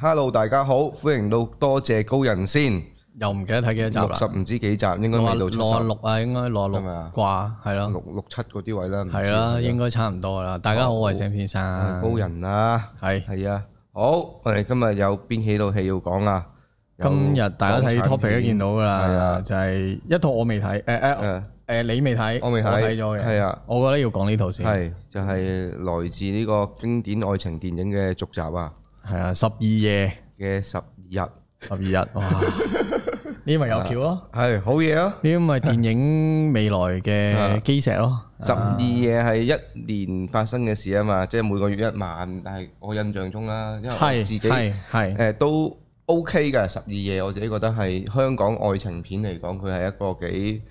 Hello，大家好，歡迎到多謝高人先，又唔記得睇幾集啦，六十唔知幾集，應該未到六十六啊，應該六十六啩，係咯，六六七嗰啲位啦，係啦，應該差唔多啦。大家好，Sam 先生，高人啊，係係啊，好，我哋今日有邊幾套戲要講啊？今日大家睇 topic 都見到噶啦，就係一套我未睇，誒誒誒，你未睇，我未睇，我睇咗嘅，係啊，我覺得要講呢套先，係就係來自呢個經典愛情電影嘅續集啊。係啊，十二夜嘅十二日，十二日，哇！呢咪有橋咯，係好嘢咯，呢咪電影未來嘅基石咯。十二夜係一年發生嘅事啊嘛，即係每個月一晚。但係我印象中啦，因為自己係誒都 OK 嘅。十二夜我自己覺得係香港愛情片嚟講，佢係一個幾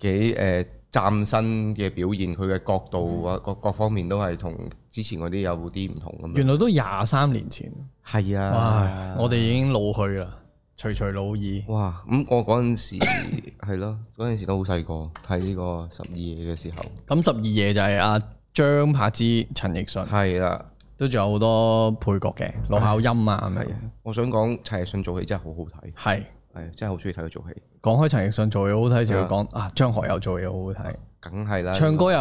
幾誒。嶄新嘅表現，佢嘅角度啊，各各方面都係同之前嗰啲有啲唔同咁。原來都廿三年前，係啊，哇啊我哋已經老去啦，垂垂老矣。哇！咁、嗯、我嗰陣時係咯，嗰陣時都好細個睇呢個十二夜嘅時候。咁十二夜就係阿、啊、張柏芝、陳奕迅係啦，啊、都仲有好多配角嘅，盧巧音啊咁樣、啊啊啊。我想講陳奕迅做戲真係好好睇，係係、啊 啊、真係好中意睇佢做戲。講開陳奕迅做嘢好睇，就要講啊張學友做嘢好好睇，梗係啦。唱歌又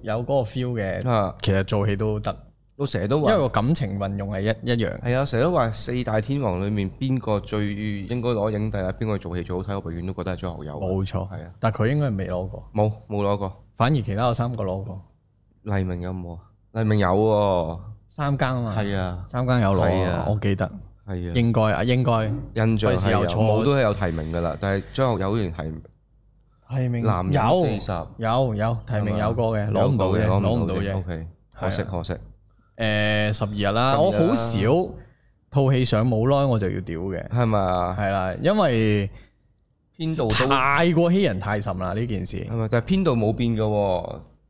有嗰個 feel 嘅，其實做戲都得，都成日都話，因為個感情運用係一一樣。係啊，成日都話四大天王裏面邊個最應該攞影帝啊？邊個做戲最好睇？我永遠都覺得係張學友。冇錯，係啊，但係佢應該係未攞過。冇，冇攞過。反而其他有三個攞過。黎明有冇啊？黎明有喎，三更啊嘛。係啊，三更有攞啊，我記得。係啊，應該啊，應該。印象係有，我都係有提名噶啦，但係張學友好似係男人四十有有提名有過嘅，攞唔到嘅，攞唔到嘅。可惜可惜。誒，十二日啦，我好少套戲上冇耐，我就要屌嘅，係咪啊？係啦，因為編度太過欺人太甚啦呢件事。係咪？但係編度冇變噶，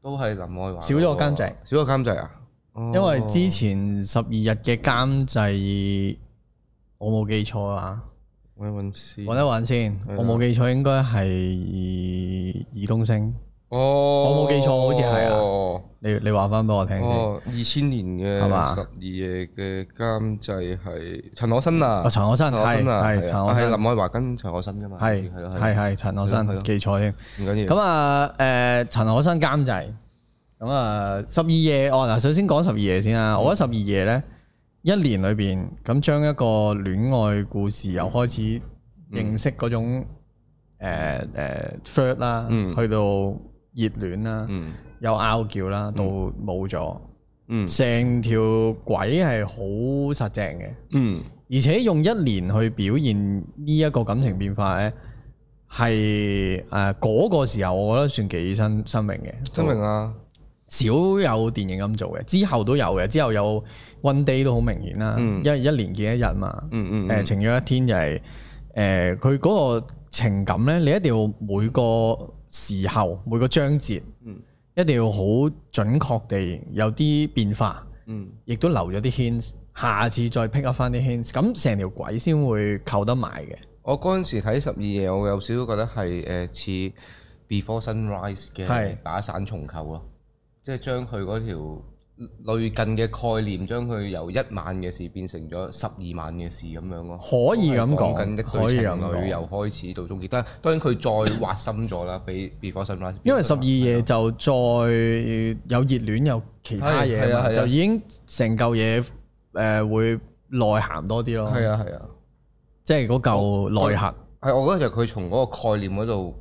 都係林愛華。少咗個監製，少咗個監製啊？因為之前十二日嘅監製。我冇記錯啊！揾一揾先，揾一揾先。我冇記錯，應該係二二東星。哦，我冇記錯，好似係啊。你你話翻俾我聽先。二千年嘅十二夜嘅監製係陳可辛啊。哦，陳可辛係啊，係啊，係林愛華跟陳可辛噶嘛。係係係係陳可辛記錯添。唔緊要。咁啊誒，陳可辛監製。咁啊十二夜哦嗱，首先講十二夜先啊。我覺得十二夜咧。一年裏邊，咁將一個戀愛故事由開始認識嗰種誒 f a r 啦，去、嗯呃啊、到熱戀啦，嗯、又拗撬啦，到冇咗，成、嗯、條軌係好實淨嘅，嗯、而且用一年去表現呢一個感情變化咧，係誒嗰個時候，我覺得算幾新新穎嘅，新穎啊，少有電影咁做嘅，之後都有嘅，之後有。One day 都好明顯啦，因為一年見一日嘛。誒、呃，停咗一天就係誒，佢、嗯、嗰、嗯呃呃、個情感咧，你一定要每個時候每個章節，嗯、一定要好準確地有啲變化，亦、嗯、都留咗啲 hints，下次再 pick up 翻啲 hints，咁成條鬼先會扣得埋嘅。我嗰陣時睇十二夜，我有少少覺得係誒似 Before、right、Sunrise 嘅打散重構咯，即係將佢嗰條。類近嘅概念，將佢由一晚嘅事變成咗十二晚嘅事咁樣咯。可以咁講，講緊一對情侶由開始到終結。但係當然佢再挖深咗啦，比 Before Sunrise。因為十二夜就再有熱戀，有其他嘢，就已經成嚿嘢誒，會內涵多啲咯。係啊係啊，即係嗰嚿內涵。係我覺得就佢從嗰個概念嗰度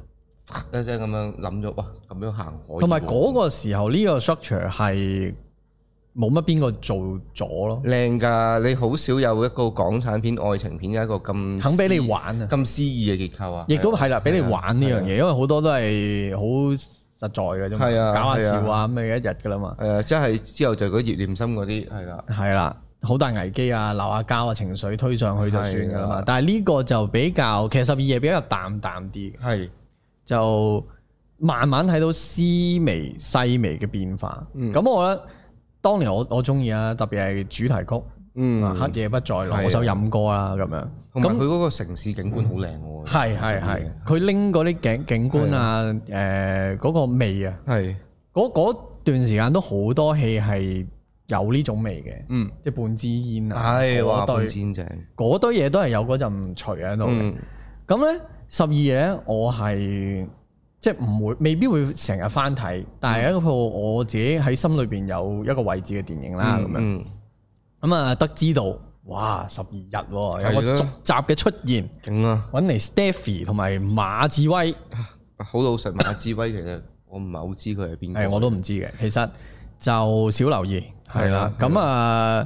一聲咁樣諗咗，哇！咁樣行可以。同埋嗰個時候，呢個 structure 係。冇乜邊個做咗咯，靚噶！你好少有一個港產片愛情片一個咁肯俾你玩啊，咁詩意嘅結構啊，亦都係啦，俾你玩呢樣嘢，因為好多都係好實在嘅啫嘛，搞下笑啊咁，咪一日噶啦嘛。誒，即係之後就嗰葉念琛嗰啲係啦，係啦，好大危機啊，鬧下交啊，情緒推上去就算噶啦嘛。但係呢個就比較，其實十二夜比較淡淡啲，係就慢慢睇到細微、細微嘅變化。咁我覺得。當年我我中意啊，特別係主題曲嗯，嗯，黑夜不再來嗰首飲歌啊，咁樣。咁佢嗰個城市景觀好靚喎。係係係，佢拎嗰啲景景觀啊，誒、嗯，嗰、呃嗰個味啊是，係。嗰段時間都好多戲係有呢種味嘅，嗯，即係半支煙啊，係話唉對半支正，嗰堆嘢都係有嗰陣除喺度。咁咧十二日我係。即係唔會，未必會成日翻睇，但係一套我自己喺心裏邊有一個位置嘅電影啦，咁樣咁啊，得知道，哇，十二日有個續集嘅出現，咁啊，搵嚟 Stephy 同埋馬志威，好老實，馬志威其實我唔係好知佢係邊個，係我都唔知嘅，其實就少留意，係啦，咁啊，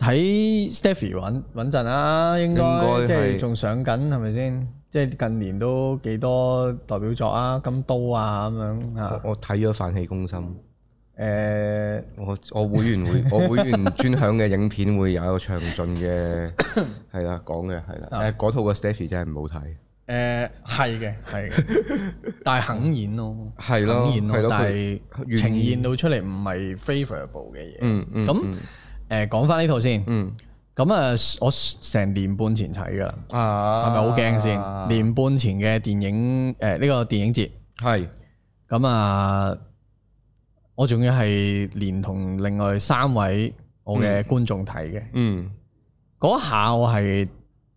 睇 Stephy 穩穩陣啦，應該即係仲上緊，係咪先？即係近年都幾多代表作啊，金刀啊咁樣啊。我睇咗《反起攻心》。誒、呃，我我會員會， 我會員專享嘅影片會有一個詳盡嘅係啦，講嘅係啦。誒，嗰套嘅 Stephy 真係唔好睇。誒，係嘅，係，但係肯演咯。係的咯，係咯的，但係呈現到出嚟唔係 favorable 嘅嘢，嗯。嗯那嗯。咁誒、呃，講翻呢套先。嗯。咁啊！我成年半前睇㗎啦，係咪好驚先？年半前嘅電影誒，呢、呃這個電影節係。咁啊，我仲要係連同另外三位我嘅觀眾睇嘅。嗯，嗰下我係。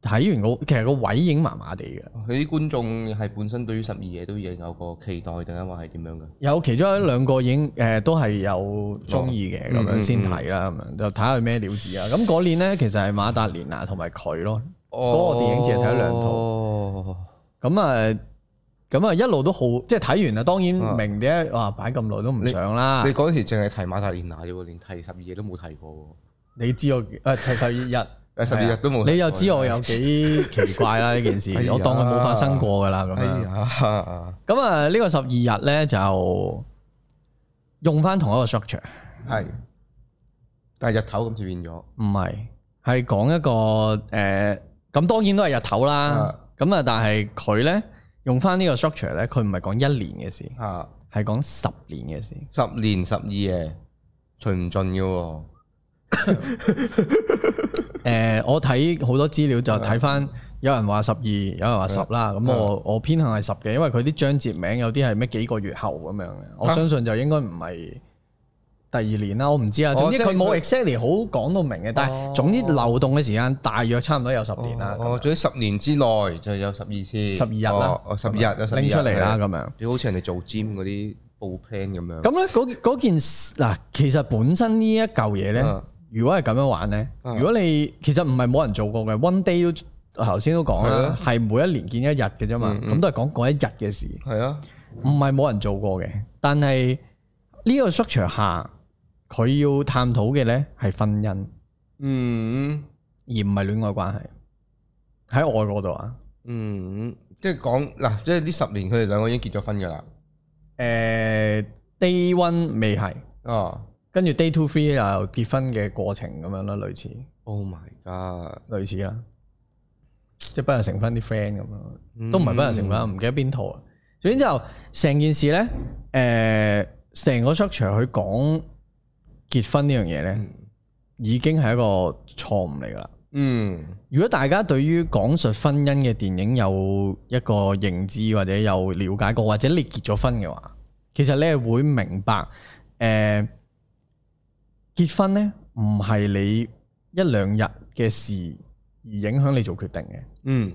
睇完個其實個位影麻麻地，嘅，佢啲觀眾係本身對於十二夜都已經有個期待，定係話係點樣嘅？有其中一兩個影，誒都係有中意嘅咁樣先睇啦，咁樣就睇下咩料子啊！咁嗰年咧，其實係馬達蓮娜同埋佢咯，嗰個電影淨係睇咗兩套。咁啊，咁啊一路都好，即係睇完啊，當然明嘅啊，擺咁耐都唔上啦。你嗰時淨係睇馬達蓮娜啫喎，連睇十二夜都冇睇過喎。你知我誒睇十二日？十二日都冇、啊，你又知我有幾奇怪啦？呢 件事， 哎、呀我當佢冇發生過噶啦。咁啊、哎呀，咁啊，呢個十二日咧就用翻同一個 structure，係，但係日頭咁變咗，唔係，係講一個誒，咁、呃、當然都係日頭啦。咁啊的，但係佢咧用翻呢個 structure 咧，佢唔係講一年嘅事，係講的十年嘅事，十年十二夜，隨唔盡嘅喎。誒，我睇好多資料就睇翻，有人話十二，有人話十啦。咁我我偏向係十嘅，因為佢啲章節名有啲係咩幾個月後咁樣嘅。我相信就應該唔係第二年啦。我唔知啊，總之佢冇 exactly 好講到明嘅。但係總之流動嘅時間大約差唔多有十年啦。哦，總之十年之內就有十二次，十二日啦，十二日拎出嚟日係啦，咁樣。好似人哋做 gym 嗰啲報 plan 咁樣。咁咧嗰件嗱，其實本身呢一嚿嘢咧。如果係咁樣玩咧，如果你其實唔係冇人做過嘅、嗯、，One Day 都頭先都講啦，係的每一年見一日嘅啫嘛，咁、嗯嗯、都係講嗰一日嘅事。係啊的，唔係冇人做過嘅，但係呢個 structure 下，佢要探討嘅咧係婚姻，嗯，而唔係戀愛關係。喺外國度啊、嗯，嗯，即係講嗱，即係呢十年佢哋兩個已經結咗婚噶啦。誒、嗯、，Day One 未係，哦。跟住 day two three 又結婚嘅過程咁樣啦，類似。Oh my god！類似啦，即係幫人成婚啲 friend 咁咯，mm. 都唔係幫人成婚。唔記得邊套。總之之後成件事咧，誒、呃，成個 structure 去講結婚呢樣嘢咧，mm. 已經係一個錯誤嚟噶啦。嗯，mm. 如果大家對於講述婚姻嘅電影有一個認知或者有了解過，或者你結咗婚嘅話，其實你係會明白誒。呃結婚呢，唔係你一兩日嘅事而影響你做決定嘅，嗯，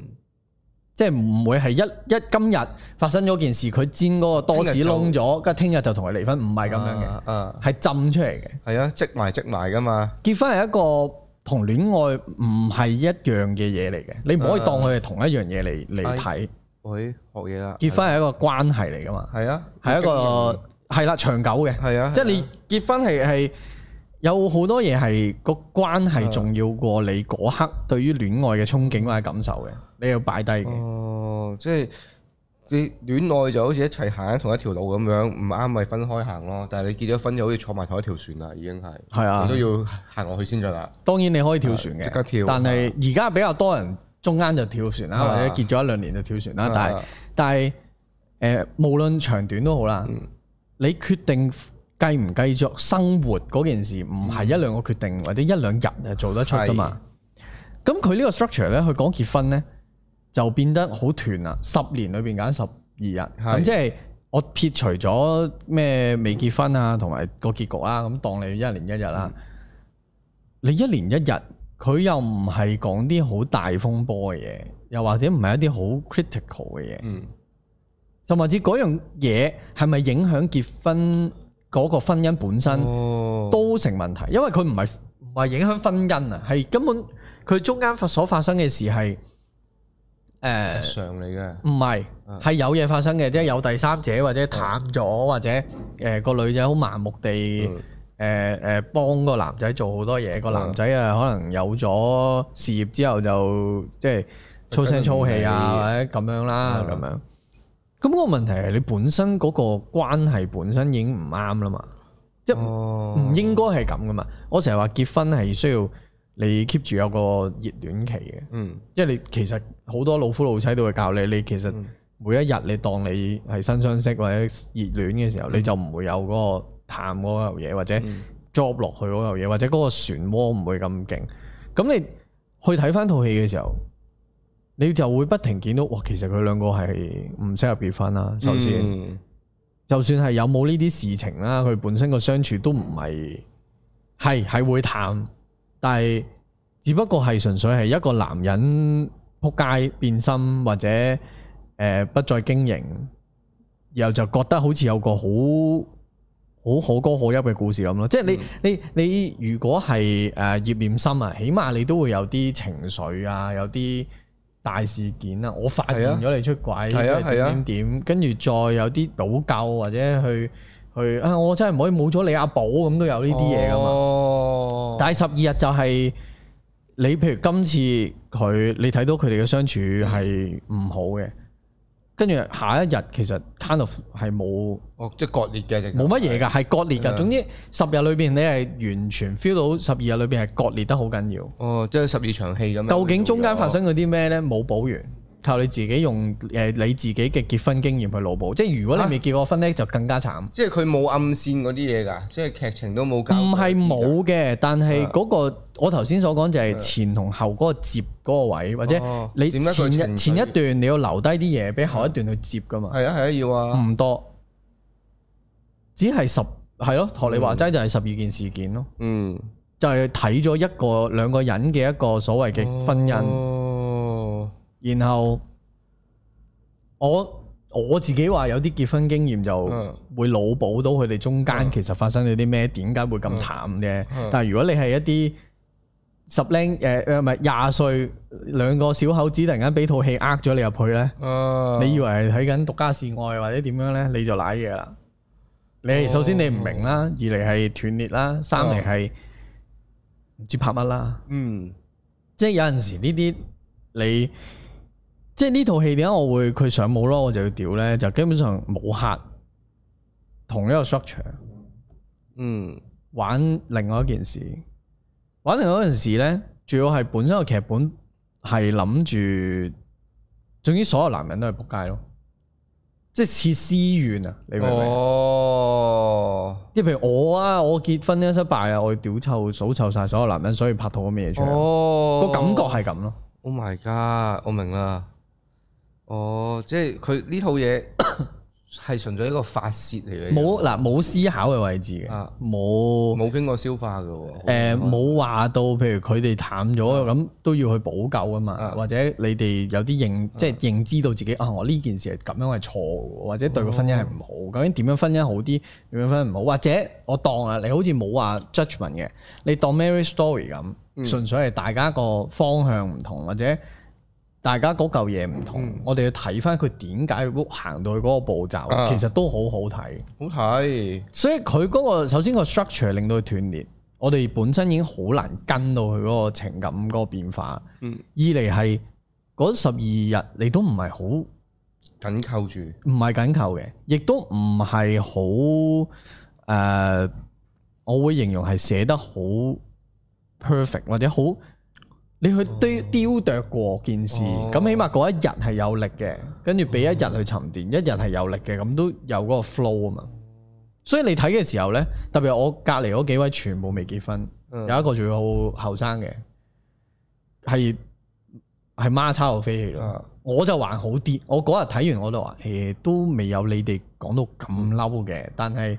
即係唔會係一一今日發生咗件事，佢煎嗰個多士窿咗，跟住聽日就同佢離婚，唔係咁樣嘅，啊，係浸出嚟嘅，係啊，積埋積埋噶嘛。結婚係一個同戀愛唔係一樣嘅嘢嚟嘅，你唔可以當佢係同一樣嘢嚟嚟睇。喂，學嘢啦，結婚係一個關係嚟噶嘛，係啊，係一個係啦，長久嘅，係啊，即係你結婚係係。有好多嘢，係個關係、啊、重要過你嗰刻對於戀愛嘅憧憬，或者感受嘅，你要擺低嘅。哦、呃，即係你戀愛就好似一齊行喺同一條路咁樣，唔啱咪分開行咯。但係你結咗婚就好似坐埋同一條船啦，已經係。係啊。你都要行落去先噶啦。當然你可以跳船嘅，啊、即刻跳，但係而家比較多人中間就跳船啦，啊、或者結咗一兩年就跳船啦。啊、但係、啊、但係誒、呃，無論長短都好啦，你決定。嗯嗯繼唔繼續生活嗰件事唔係一兩個決定、嗯、或者一兩日就做得出噶嘛？咁佢呢個 structure 咧，佢講結婚咧就變得好斷啦。十年裏邊揀十二日，咁是即係我撇除咗咩未結婚啊，同埋個結局啦，咁當你一年一日啦。嗯、你一年一日，佢又唔係講啲好大風波嘅嘢，又或者唔係一啲好 critical 嘅嘢，同埋至嗰樣嘢係咪影響結婚？嗰個婚姻本身、哦、都成問題，因為佢唔係唔係影響婚姻啊，係、嗯、根本佢中間發所發生嘅事係誒、呃、常嚟嘅，唔係係有嘢發生嘅，即係有第三者或者淡咗，或者誒、呃、個女仔好盲目地誒誒、呃、幫個男仔做好多嘢，個、嗯、男仔啊可能有咗事業之後就即係粗聲粗氣啊，或者咁樣啦，咁樣、嗯。嗯。咁嗰個問題係你本身嗰個關係本身已經唔啱啦嘛，即唔應該係咁噶嘛。哦、我成日話結婚係需要你 keep 住有個熱戀期嘅，嗯，因為你其實好多老夫老妻都會教你，你其實每一日你當你係新相識或者熱戀嘅時候，嗯、你就唔會有嗰個探嗰嚿嘢或者 job 落去嗰嚿嘢，或者嗰個漩渦唔會咁勁。咁你去睇翻套戲嘅時候，你就會不停見到，哇！其實佢兩個係唔適合結婚啦。首先，嗯、就算係有冇呢啲事情啦，佢本身個相處都唔係，係係會淡，但係只不過係純粹係一個男人撲街變心或者誒、呃、不再經營，然後就覺得好似有個好好可歌可泣嘅故事咁咯。即係、嗯、你你你，你如果係誒葉念琛啊，起碼你都會有啲情緒啊，有啲～大事件啦，我發現咗你出軌，啊、點點點，跟住、啊、再有啲補救或者去去啊，我真係唔可以冇咗你阿寶，咁都有呢啲嘢㗎嘛。哦、但係十二日就係、是、你，譬如今次佢，你睇到佢哋嘅相處係唔好嘅。嗯跟住下一日其實 kind of 係冇，哦即係割裂嘅，冇乜嘢㗎，係的割裂㗎。的總之十日裏邊你係完全 feel 到十二日裏邊係割裂得好緊要。哦，即係十二場戲咁。究竟中間發生咗啲咩咧？冇、哦、補完。靠你自己用誒你自己嘅結婚經驗去腦補，即係如果你未結過婚呢，就更加慘。啊、即係佢冇暗線嗰啲嘢㗎，即係劇情都冇交。唔係冇嘅，但係嗰、嗰個、啊、我頭先所講就係前同後嗰個接嗰個位，或者你前一、啊、前，前一段你要留低啲嘢俾後一段去接㗎嘛。係啊係啊，啊，要啊。唔多，只係十係咯。學、啊、你話齋就係十二件事件咯、嗯。嗯，就係睇咗一個兩個人嘅一,一個所謂嘅婚姻。哦。然後我，我自己話有啲結婚經驗，就會腦補到佢哋中間其實發生咗啲咩，點解會咁慘嘅？但係如果你係一啲十零誒、誒唔係廿歲兩個小口子，突然間俾套戲呃咗你入去咧，嗯、你以為係睇緊獨家示愛或者點樣咧？你就瀨嘢啦！你首先你唔明啦，哦、二嚟係斷裂啦，三嚟係唔知拍乜啦。嗯，即係有陣時呢啲你。即係呢套戲點解我會佢上冇咯？我就要屌咧，就基本上冇客同一個 structure，嗯，玩另外一件事，玩另外一件事咧，主要係本身個劇本係諗住，總之所有男人都係仆街咯，即係似私怨啊！你明唔明？哦，即係譬如我啊，我結婚呢失敗啊，我要屌臭數臭晒所有男人，所以拍套咁嘢出嚟，哦，個感覺係咁咯。Oh my god，我明啦。哦，即係佢呢套嘢係純粹一個發泄嚟嘅，冇嗱冇思考嘅位置嘅，冇冇經過消化嘅喎。誒，冇話到，譬如佢哋淡咗咁都要去補救啊嘛，或者你哋有啲認即係認知到自己啊，我呢件事係咁樣係錯嘅，或者對個婚姻係唔好，究竟點樣婚姻好啲，點樣婚姻唔好？或者我當啊，你好似冇話 judgment 嘅，你當 Marriage Story 咁，純粹係大家個方向唔同或者。大家嗰嚿嘢唔同，嗯、我哋要睇翻佢點解會行到去嗰個步驟，啊、其實都好好睇。好睇，所以佢嗰個首先個 structure 令到佢斷裂，我哋本身已經好難跟到佢嗰個情感嗰個變化。嗯，二嚟係嗰十二日，你都唔係好緊扣住，唔係緊扣嘅，亦都唔係好誒，我會形容係寫得好 perfect 或者好。你去雕雕琢過件事，咁、嗯、起碼嗰一日係有力嘅，跟住俾一日去沉澱，嗯、一日係有力嘅，咁都有嗰個 flow 啊嘛。所以你睇嘅時候咧，特別我隔籬嗰幾位全部未結婚，嗯、有一個仲要好後生嘅，係係孖叉我飛起。咯、嗯。我就還好啲，我嗰日睇完我就、欸、都話，誒都未有你哋講到咁嬲嘅，但係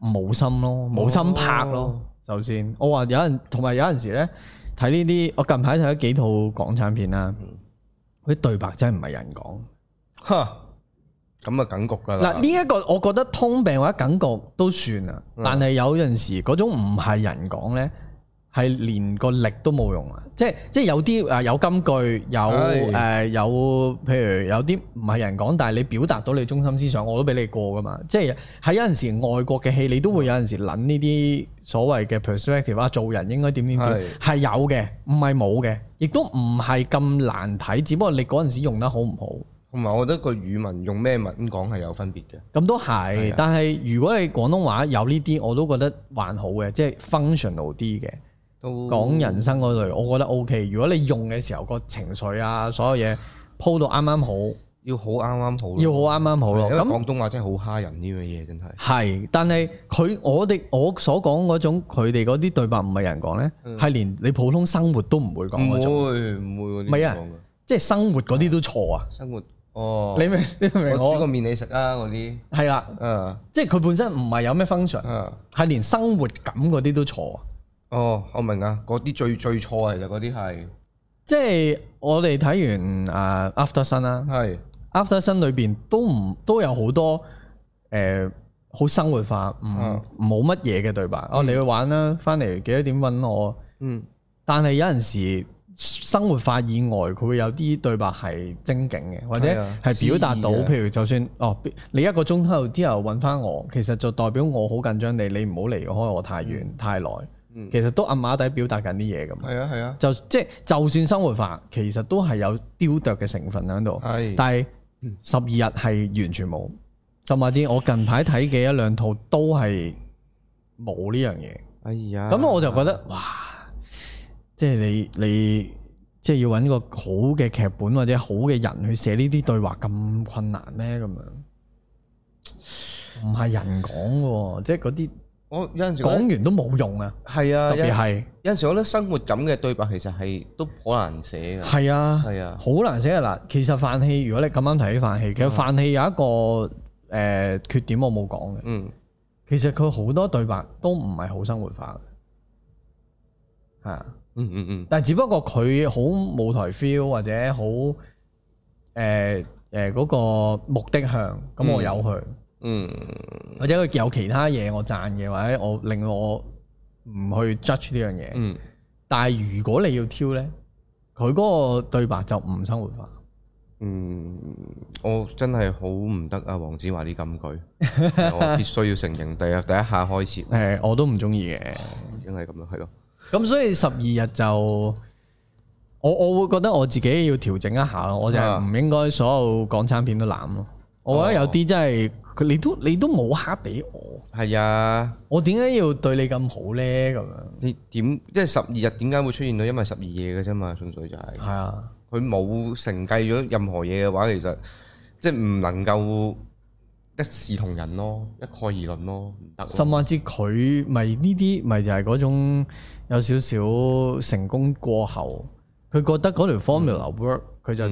冇心咯，冇心拍咯。首、哦、先，我話有人同埋有陣時咧。睇呢啲，我近排睇咗幾套港產片啦，啲、嗯、對白真係唔係人講，嚇，咁啊梗局噶啦。嗱，呢一個我覺得通病或者梗局都算啊，嗯、但係有陣時嗰種唔係人講咧。係連個力都冇用啊！即係即係有啲啊有金句，有誒有是、呃、譬如有啲唔係人講，但係你表達到你中心思想，我都俾你過噶嘛！即係喺有陣時外國嘅戲，你都會有陣時諗呢啲所謂嘅 perspective 啊，做人應該點點點係有嘅，唔係冇嘅，亦都唔係咁難睇，只不過你嗰陣時用得好唔好。同埋我覺得個語文用咩文講係有分別嘅。咁都係，的但係如果你廣東話有呢啲，我都覺得還好嘅，即係 functional 啲嘅。講人生嗰類，我覺得 OK。如果你用嘅時候個情緒啊，所有嘢鋪到啱啱好，要好啱啱好，要好啱啱好咯。咁廣東話真係好蝦人呢樣嘢，真係咁。係，但係佢我哋我所講嗰種佢哋嗰啲對白唔係人講咧，係、嗯、連你普通生活都唔會講。唔會，唔會。唔係啊，即、就、係、是、生活嗰啲都錯啊。生活哦，你明？你明我？我煮個麵你食啊，嗰啲係啦，的嗯，即係佢本身唔係有咩 function，係連生活感嗰啲都錯啊。哦，我明啊，嗰啲最最錯其實嗰啲係，即係我哋睇完誒、uh, After o n 啦，係 After 身裏邊都唔都有好多誒好、呃、生活化，唔冇乜嘢嘅對白。哦，嗯、你去玩啦，翻嚟幾多點揾我。嗯，但係有陣時生活化以外，佢會有啲對白係精警嘅，或者係表達到，啊、譬如就算哦，你一個鐘後之後揾翻我，其實就代表我好緊張你，你唔好離開我太遠太耐。太其實都暗馬底表達緊啲嘢咁，係啊，係啊，啊就即係就算生活化，其實都係有雕琢嘅成分喺度。係、啊，但係十二日係完全冇。甚話之，我近排睇嘅一兩套 都係冇呢樣嘢。哎呀，咁我就覺得哇，即係、啊就是、你你即係、就是、要搵個好嘅劇本或者好嘅人去寫呢啲對話咁困難咩咁樣？唔係人講喎，即係嗰啲。我、哦、有陣時、那個、講完都冇用啊，係啊，特別係有陣時，我覺得生活噉嘅對白其實係都好難寫嘅。係啊，係啊，好難寫啊！嗱，其實泛戲如果你咁啱提起泛戲，嗯、其實泛戲有一個誒、呃、缺點我，我冇講嘅。嗯，其實佢好多對白都唔係好生活化嘅，嚇、啊，嗯嗯嗯。嗯，但係只不過佢好舞台 feel 或者好誒誒嗰個目的向，咁我有去。嗯嗯，或者佢有其他嘢我讚嘅，或者我令我唔去 judge 呢樣嘢。嗯，但係如果你要挑咧，佢嗰個對白就唔生活化。嗯，我真係好唔得啊！黃子華啲金句， 我必須要承認，第日第一下開始。誒， 我都唔中意嘅， 因為咁樣係咯。咁所以十二日就，我我會覺得我自己要調整一下咯。我就唔應該所有港產片都攬咯。嗯，我覺得有啲真係。佢你都你都冇蝦俾我，係啊！我點解要對你咁好咧？咁樣你點即係十二日點解會出現到？因為十二夜嘅啫嘛，純粹就係、是。係啊，佢冇承繼咗任何嘢嘅話，其實即係唔能夠一視同仁咯，同一概而論咯，唔得。甚至佢咪呢啲咪就係、是、嗰、就是、種有少少成功過後，佢覺得嗰條 formula work，佢、嗯、就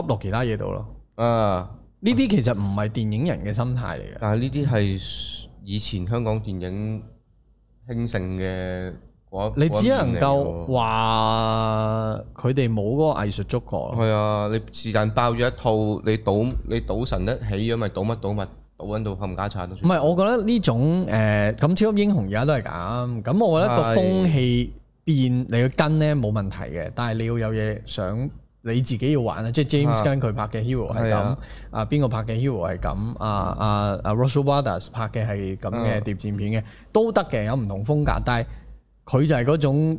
吸落其他嘢度咯。啊！呢啲其實唔係電影人嘅心態嚟嘅，但係呢啲係以前香港電影興盛嘅。你只能夠話佢哋冇嗰個藝術觸覺。係啊，你是但爆咗一套，你賭你賭神得起咗咪賭乜賭乜，賭揾到冚家鏟都唔係，我覺得呢種誒咁、呃、超級英雄而家都係咁，咁、嗯是嗯、我覺得個風氣變，你要跟咧冇問題嘅，但係你要有嘢想。你自己要玩啊！即係 James Gunn 佢拍嘅 Hero 係咁啊，邊個、啊、拍嘅 Hero 係咁啊啊啊 Russo Brothers 拍嘅係咁嘅諜戰片嘅、啊、都得嘅，有唔同風格。但係佢就係嗰種，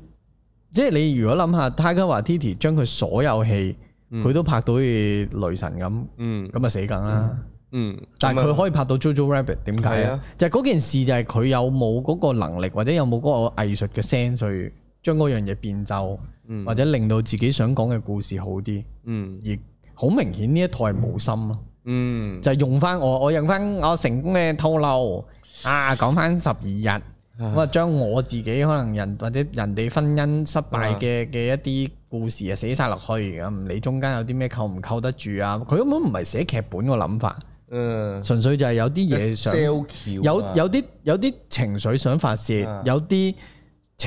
即係你如果諗下 Taika Waititi 將佢所有戲佢、嗯、都拍到好似雷神咁，咁啊、嗯、死梗啦、嗯！嗯，但係佢可以拍到 JoJo Rabbit 點解啊？就係嗰件事就係佢有冇嗰個能力，或者有冇嗰個藝術嘅聲，所以將嗰樣嘢變奏。或者令到自己想講嘅故事好啲，嗯，而好明顯呢一套係冇心咯，嗯，就用翻我，我用翻我成功嘅套路，啊，講翻十二日，咁啊將我自己可能人或者人哋婚姻失敗嘅嘅一啲故事寫啊寫晒落去咁，你中間有啲咩扣唔扣得住啊？佢根本唔係寫劇本個諗法，嗯，純粹就係有啲嘢想，啊啊、有有啲有啲情緒想發洩，有啲。有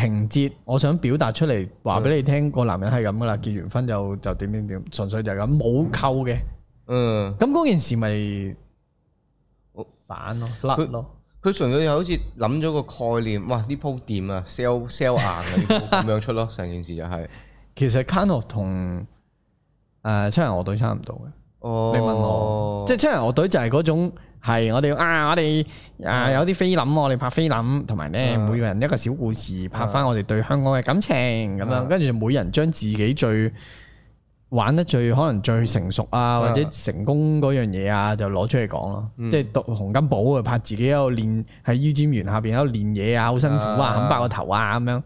情節，我想表達出嚟話俾你聽，嗯、個男人係咁噶啦，結完婚就就點點點，純粹就係咁，冇扣嘅。嗯，咁嗰件事咪我、就是嗯、反咯甩咯，佢純粹又好似諗咗個概念，哇！呢鋪掂啊，sell sell 硬嘅咁樣出咯，成 件事就係、是、其實 Canal 同誒七人樂隊差唔多嘅。哦，你問我，即係七人樂隊就係嗰種。係，我哋啊，我哋啊，有啲菲林，我哋拍菲林，同埋咧，每個人一個小故事，拍翻我哋對香港嘅感情咁樣，跟住每人將自己最玩得最可能最成熟啊，或者成功嗰樣嘢啊，就攞出嚟講咯。即係讀洪金寶啊，拍自己喺度練喺于占元下邊喺度練嘢啊，好辛苦啊，冚巴個頭啊咁樣。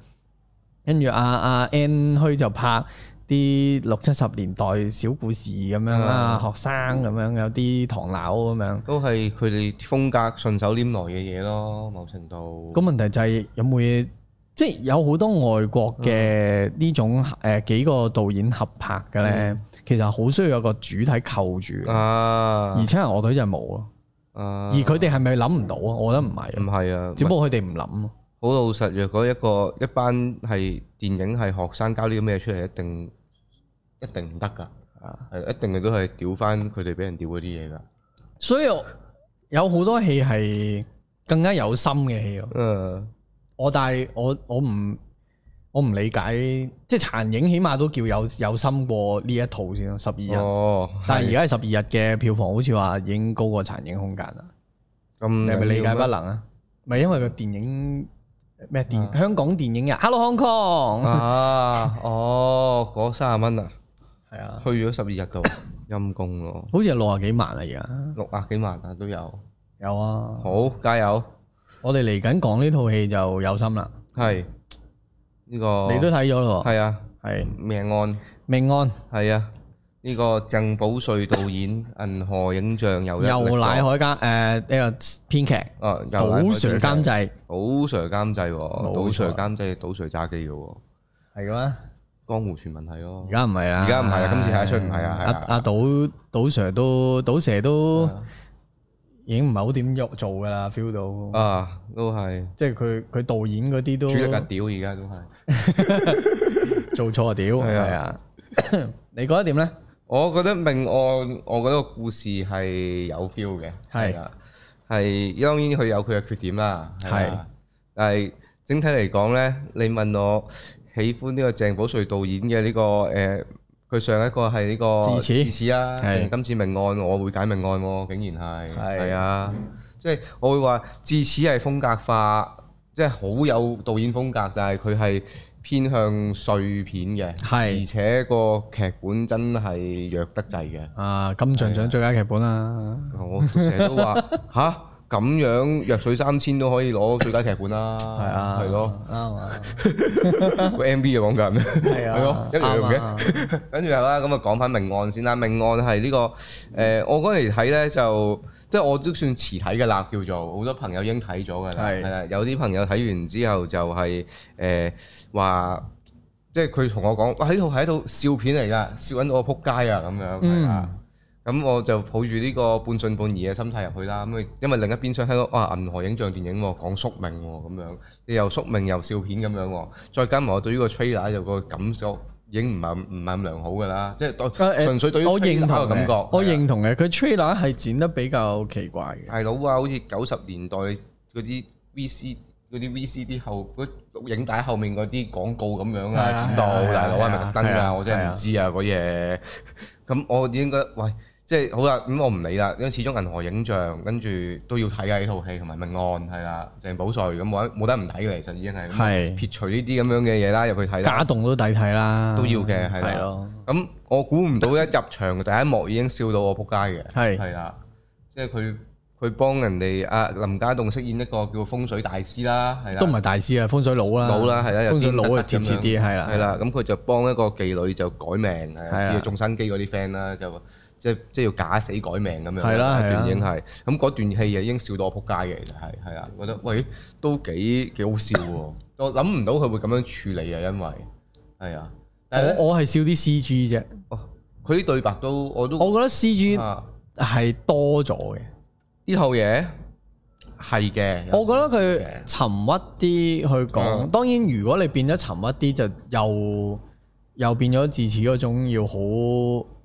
跟住啊阿 N 虛就拍。啲六七十年代小故事咁樣啦，啊、學生咁樣有啲唐樓咁樣，樣都係佢哋風格順手拈來嘅嘢咯，某程度。咁問題就係有冇嘢？即係有好多外國嘅呢種誒幾個導演合拍嘅咧，嗯、其實好需要有個主體扣住啊。而且七人樂隊就冇咯，啊、而佢哋係咪諗唔到啊？我覺得唔係，唔係啊。只不過佢哋唔諗咯。好老實，若果一個一班係電影係學生交啲咩出嚟，一定。一定唔得噶，啊，係一定嘅都係屌翻佢哋俾人屌嗰啲嘢噶。所以有好多戲係更加有心嘅戲咯。嗯，我但係我我唔我唔理解，即係殘影起碼都叫有有心過呢一套先咯，十二日。哦，但係而家係十二日嘅票房好似話已經高過殘影空間啦。咁係咪理解不能啊？咪因為個電影咩電、啊、香港電影啊？Hello Hong Kong 啊，哦，嗰三十蚊啊！係啊，去咗十二日度，陰功咯。好似係六啊幾萬嚟噶，六啊幾萬啊都有。有啊，好加油！我哋嚟緊講呢套戲就有心啦。係呢個，你都睇咗咯。係啊，係命案，命案係啊。呢個鄭保瑞導演，銀河影像又又乃海家誒呢個編劇。哦，杜 Sir 監製？杜 Sir 監製？杜 Sir 監製？杜 Sir 揸機嘅？係咁啊！江湖傳聞係咯，而家唔係啦，而家唔係啦，今次係一出唔係啊！阿阿賭賭 Sir 都賭 Sir 都已經唔係好點喐做噶啦，feel 到啊，都係即係佢佢導演嗰啲都主力啊，屌而家都係做錯啊，屌係啊！你覺得點咧？我覺得命案，我覺得個故事係有 feel 嘅。係啊，係當然佢有佢嘅缺點啦，係，但係整體嚟講咧，你問我。喜歡呢個鄭保瑞導演嘅呢、這個誒，佢、呃、上一個係呢、這個智齒智齒啊，是今次命案我會解命案喎、啊，竟然係係是啊，即、就、係、是、我會話智齒係風格化，即係好有導演風格，但係佢係偏向碎片嘅，係是，而且個劇本真係弱得滯嘅啊！金像獎最佳劇本啊，啊我成日都話嚇。 啊咁樣弱水三千都可以攞最佳劇本啦，係啊，係咯，啱啊。個 M V 又講緊，係啊，一樣嘅。跟住係啦，咁啊講翻命案先啦。命案係呢個誒，我嗰陣睇咧就，即係我都算遲睇嘅啦，叫做好多朋友已經睇咗嘅啦，係啦。有啲朋友睇完之後就係誒話，即係佢同我講，哇！呢套係一套笑片嚟噶，笑到我撲街啊咁樣，嗯。咁我就抱住呢個半信半疑嘅心態入去啦。咁因為另一邊想聽到哇，銀河影像電影喎，講宿命喎咁樣，又宿命又笑片咁樣喎。再加埋我對呢個 trailer 有個感受已經唔係唔係咁良好㗎啦。即係純粹對於我認同嘅，我認同嘅，佢 trailer 係剪得比較奇怪嘅。大佬啊，好似九十年代嗰啲 V C 嗰啲 V C D 後嗰影帶後面嗰啲廣告咁樣啊，知道大佬係咪特登㗎？我真係唔知啊，嗰嘢。咁我應該喂？即係好啦，咁我唔理啦，因為始終銀河影像跟住都要睇下呢套戲，同埋命案係啦，鄭保瑞咁冇冇得唔睇嘅。其實已經係撇除呢啲咁樣嘅嘢啦，入去睇。家棟都抵睇啦，都要嘅係。係咯，咁我估唔到一入場第一幕已經笑到我仆街嘅。係係啦，即係佢，佢幫人哋阿林家棟飾演一個叫風水大師啦，係啦。都唔係大師啊，風水佬啦。佬啦，係啦，又堅得貼切啲係啦。係啦，咁佢就幫一個妓女就改名，係啊，中生機嗰啲 fan 啦就。即即要假死改命咁樣，段影係咁嗰段戲啊，已經笑到我撲街嘅，其實係係啊，覺得喂都幾幾好笑喎，我諗唔到佢會咁樣處理啊，因為係啊，但係我我係笑啲 C G 啫，佢啲、哦、對白都我都我覺得 C G 係、啊、多咗嘅呢套嘢係嘅，我覺得佢沉鬱啲去講，當然如果你變咗沉鬱啲就又。又變咗字詞嗰種要好，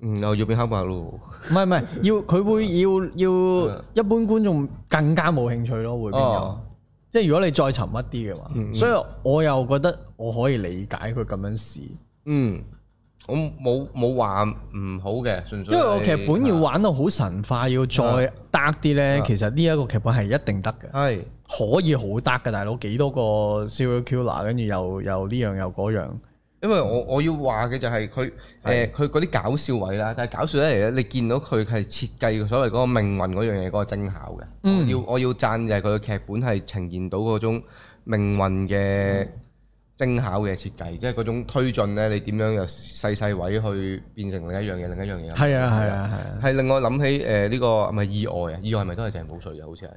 嗯，又要變黑白咯。唔係唔係，要佢會要要，一般觀眾更加冇興趣咯，會變咗，即係如果你再沉默啲嘅話，所以我又覺得我可以理解佢咁樣試。嗯，我冇冇話唔好嘅，純粹因為我劇本要玩到好神化，要再得啲咧，其實呢一個劇本係一定得嘅，係可以好得嘅，大佬幾多個 serial killer，跟住又又呢樣又嗰樣。因為我我要話嘅就係佢誒佢嗰啲搞笑位啦，但係搞笑得嚟咧，你見到佢係設計所謂嗰個命運嗰樣嘢嗰個精巧嘅、嗯。我要我要讚就係佢嘅劇本係呈現到嗰種命運嘅精巧嘅設計，即係嗰種推進咧，你點樣由細細位去變成另一樣嘢，另一樣嘢。係啊係啊係。係令我諗起誒呢、欸呢個係意外啊？意外係咪都係鄭保瑞嘅好似係？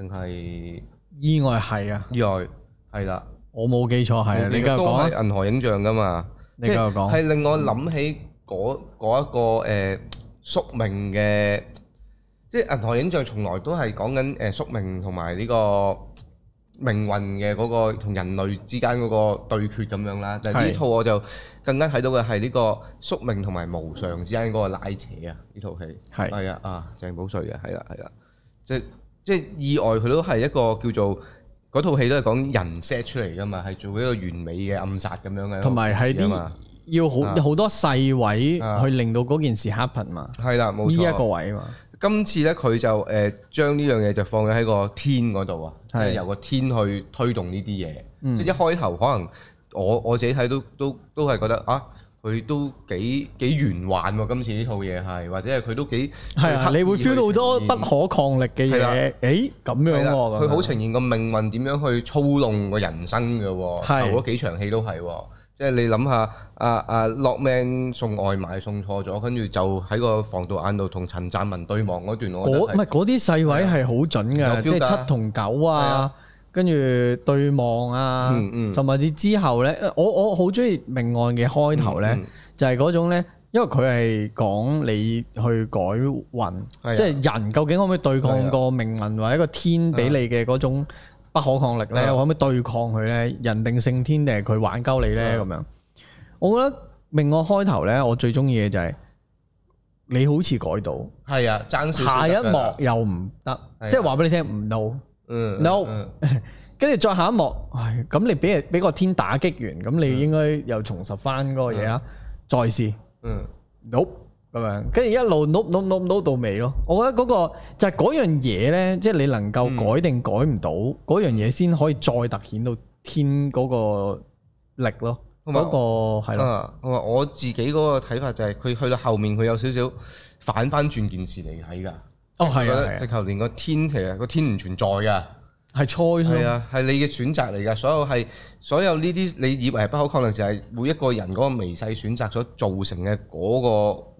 定係意外係啊！意外係啦。我冇記錯係，你都係銀河影像噶嘛？你繼續講，係令我諗起嗰一個誒宿命嘅，即係銀河影像從來都係講緊誒宿命同埋呢個命運嘅嗰個同人類之間嗰個對決咁樣啦。但係呢套我就更加睇到嘅係呢個宿命同埋無常之間嗰個拉扯啊！呢套戲係係啊啊，鄭保瑞嘅係啦係啦，即即意外佢都係一個叫做。嗰套戲都係講人 set 出嚟噶嘛，係做一個完美嘅暗殺咁樣嘅，同埋係啲要好好、啊、多細位去令到嗰件事 happen 嘛、啊。係啦，冇錯，呢一個位嘛。今次咧，佢就誒將呢樣嘢就放喺個天嗰度啊，即係的由個天去推動呢啲嘢。即係、嗯、一開頭可能我我自己睇都都都係覺得啊。佢都幾幾玄幻喎，今次呢套嘢係，或者係佢都幾係啊？你會 feel 到好多不可抗力嘅嘢，誒咁樣喎，佢好呈現個命運點樣去操弄個人生嘅喎，係，嗰幾場戲都係喎，即係你諗下，啊啊，落 Man 送外賣送錯咗，跟住就喺個防盜眼度同陳湛文對望嗰段，嗰唔係嗰啲細位係好準嘅，即係七同九啊。跟住對望啊，甚至之後咧，我我好中意命案嘅開頭咧，就係嗰種咧，因為佢係講你去改運，即係人究竟可唔可以對抗個命運，或者個天俾你嘅嗰種不可抗力咧，可唔可以對抗佢咧？人定勝天定係佢玩鳩你咧咁樣？我覺得命案開頭咧，我最中意嘅就係你好似改到，係啊，下一幕又唔得，即係話俾你聽唔到。No, 嗯，no，跟住再下一幕，唉，咁你俾人俾個天打擊完，咁你應該又重拾翻嗰個嘢啊，嗯、再試試，嗯，no，、nope, 咁樣，跟住一路 no n、no, no, no、到尾咯。我覺得嗰、那個就係、是、嗰樣嘢咧，即係你能夠改定改唔到，嗰、嗯、樣嘢先可以再凸顯到天嗰個力咯，嗰、嗯那個係咯。我自己嗰個睇法就係，佢去到後面佢有少少反翻轉件事嚟睇噶。哦，係，覺得地球連個天其實個天唔存在嘅，係錯嘅，係啊，係、啊啊啊、你嘅選擇嚟㗎。所有係所有呢啲你以為係不可抗力，就係、是、每一個人嗰個微細選擇所造成嘅嗰個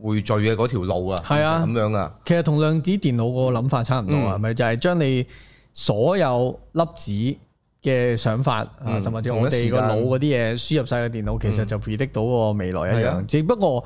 匯聚嘅嗰條路啊，係啊，咁樣啊。其實同量子電腦個諗法差唔多啊，咪、嗯、就係將你所有粒子嘅想法，啊、嗯，甚至我哋個腦嗰啲嘢輸入晒個電腦，嗯、其實就 predict 到個未來一樣，只、嗯啊、不，不過。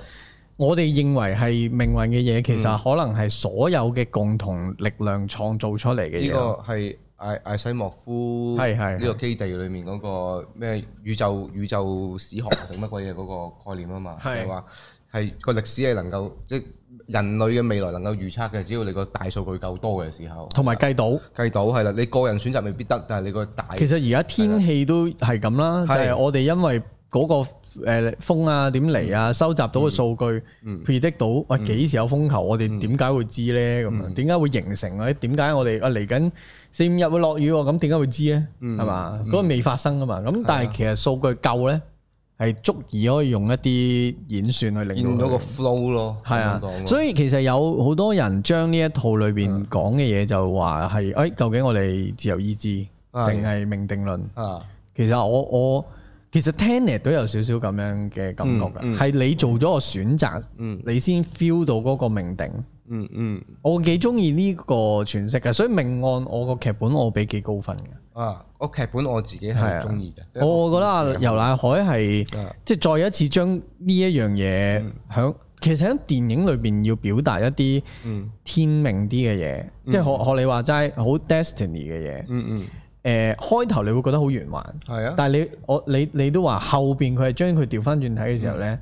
我哋認為係命運嘅嘢，其實可能係所有嘅共同力量創造出嚟嘅。呢、嗯這個係艾艾西莫夫呢個基地裏面嗰個咩宇宙宇宙史學定乜鬼嘢嗰個概念啊嘛，係話係個歷史係能夠即人類嘅未來能夠預測嘅，只要你個大數據夠多嘅時候，同埋計到計到係啦，你個人選擇未必得，但係你個大其實而家天氣都係咁啦，係是是我哋因為嗰、嗰個。是是誒，風啊，點嚟啊？收集到嘅數據，predict 到，喂，幾時有風球？我哋點解會知咧？咁樣，點解會形成啊？點解我哋啊嚟緊四五日會落雨？咁點解會知咧？係嘛？嗰個未發生噶嘛？咁但係其實數據夠咧，係足以可以用一啲演算去令到，用到個 flow 咯。係啊，所以其實有好多人將呢一套裏邊講嘅嘢，就話係誒，究竟我哋自由意志定係命定論？啊，其實我我。其實 Tenet 都有少少咁樣嘅感覺嘅，係、嗯、你做咗、嗯、個選擇，你先 feel 到嗰個命定。嗯嗯，嗯我幾中意呢個詮釋嘅，所以命案我個劇本我俾幾高分嘅。啊，個劇本我自己係中意嘅。我、啊、我覺得啊，游乃海係、嗯、即係再一次將呢一樣嘢響，嗯、其實喺電影裏邊要表達一啲天命啲嘅嘢，嗯嗯、即係學學你話齋好 destiny 嘅嘢、嗯。嗯嗯。嗯嗯嗯嗯誒、呃、開頭你會覺得好圓環，係啊！但係你我你你都話後邊佢係將佢調翻轉睇嘅時候咧，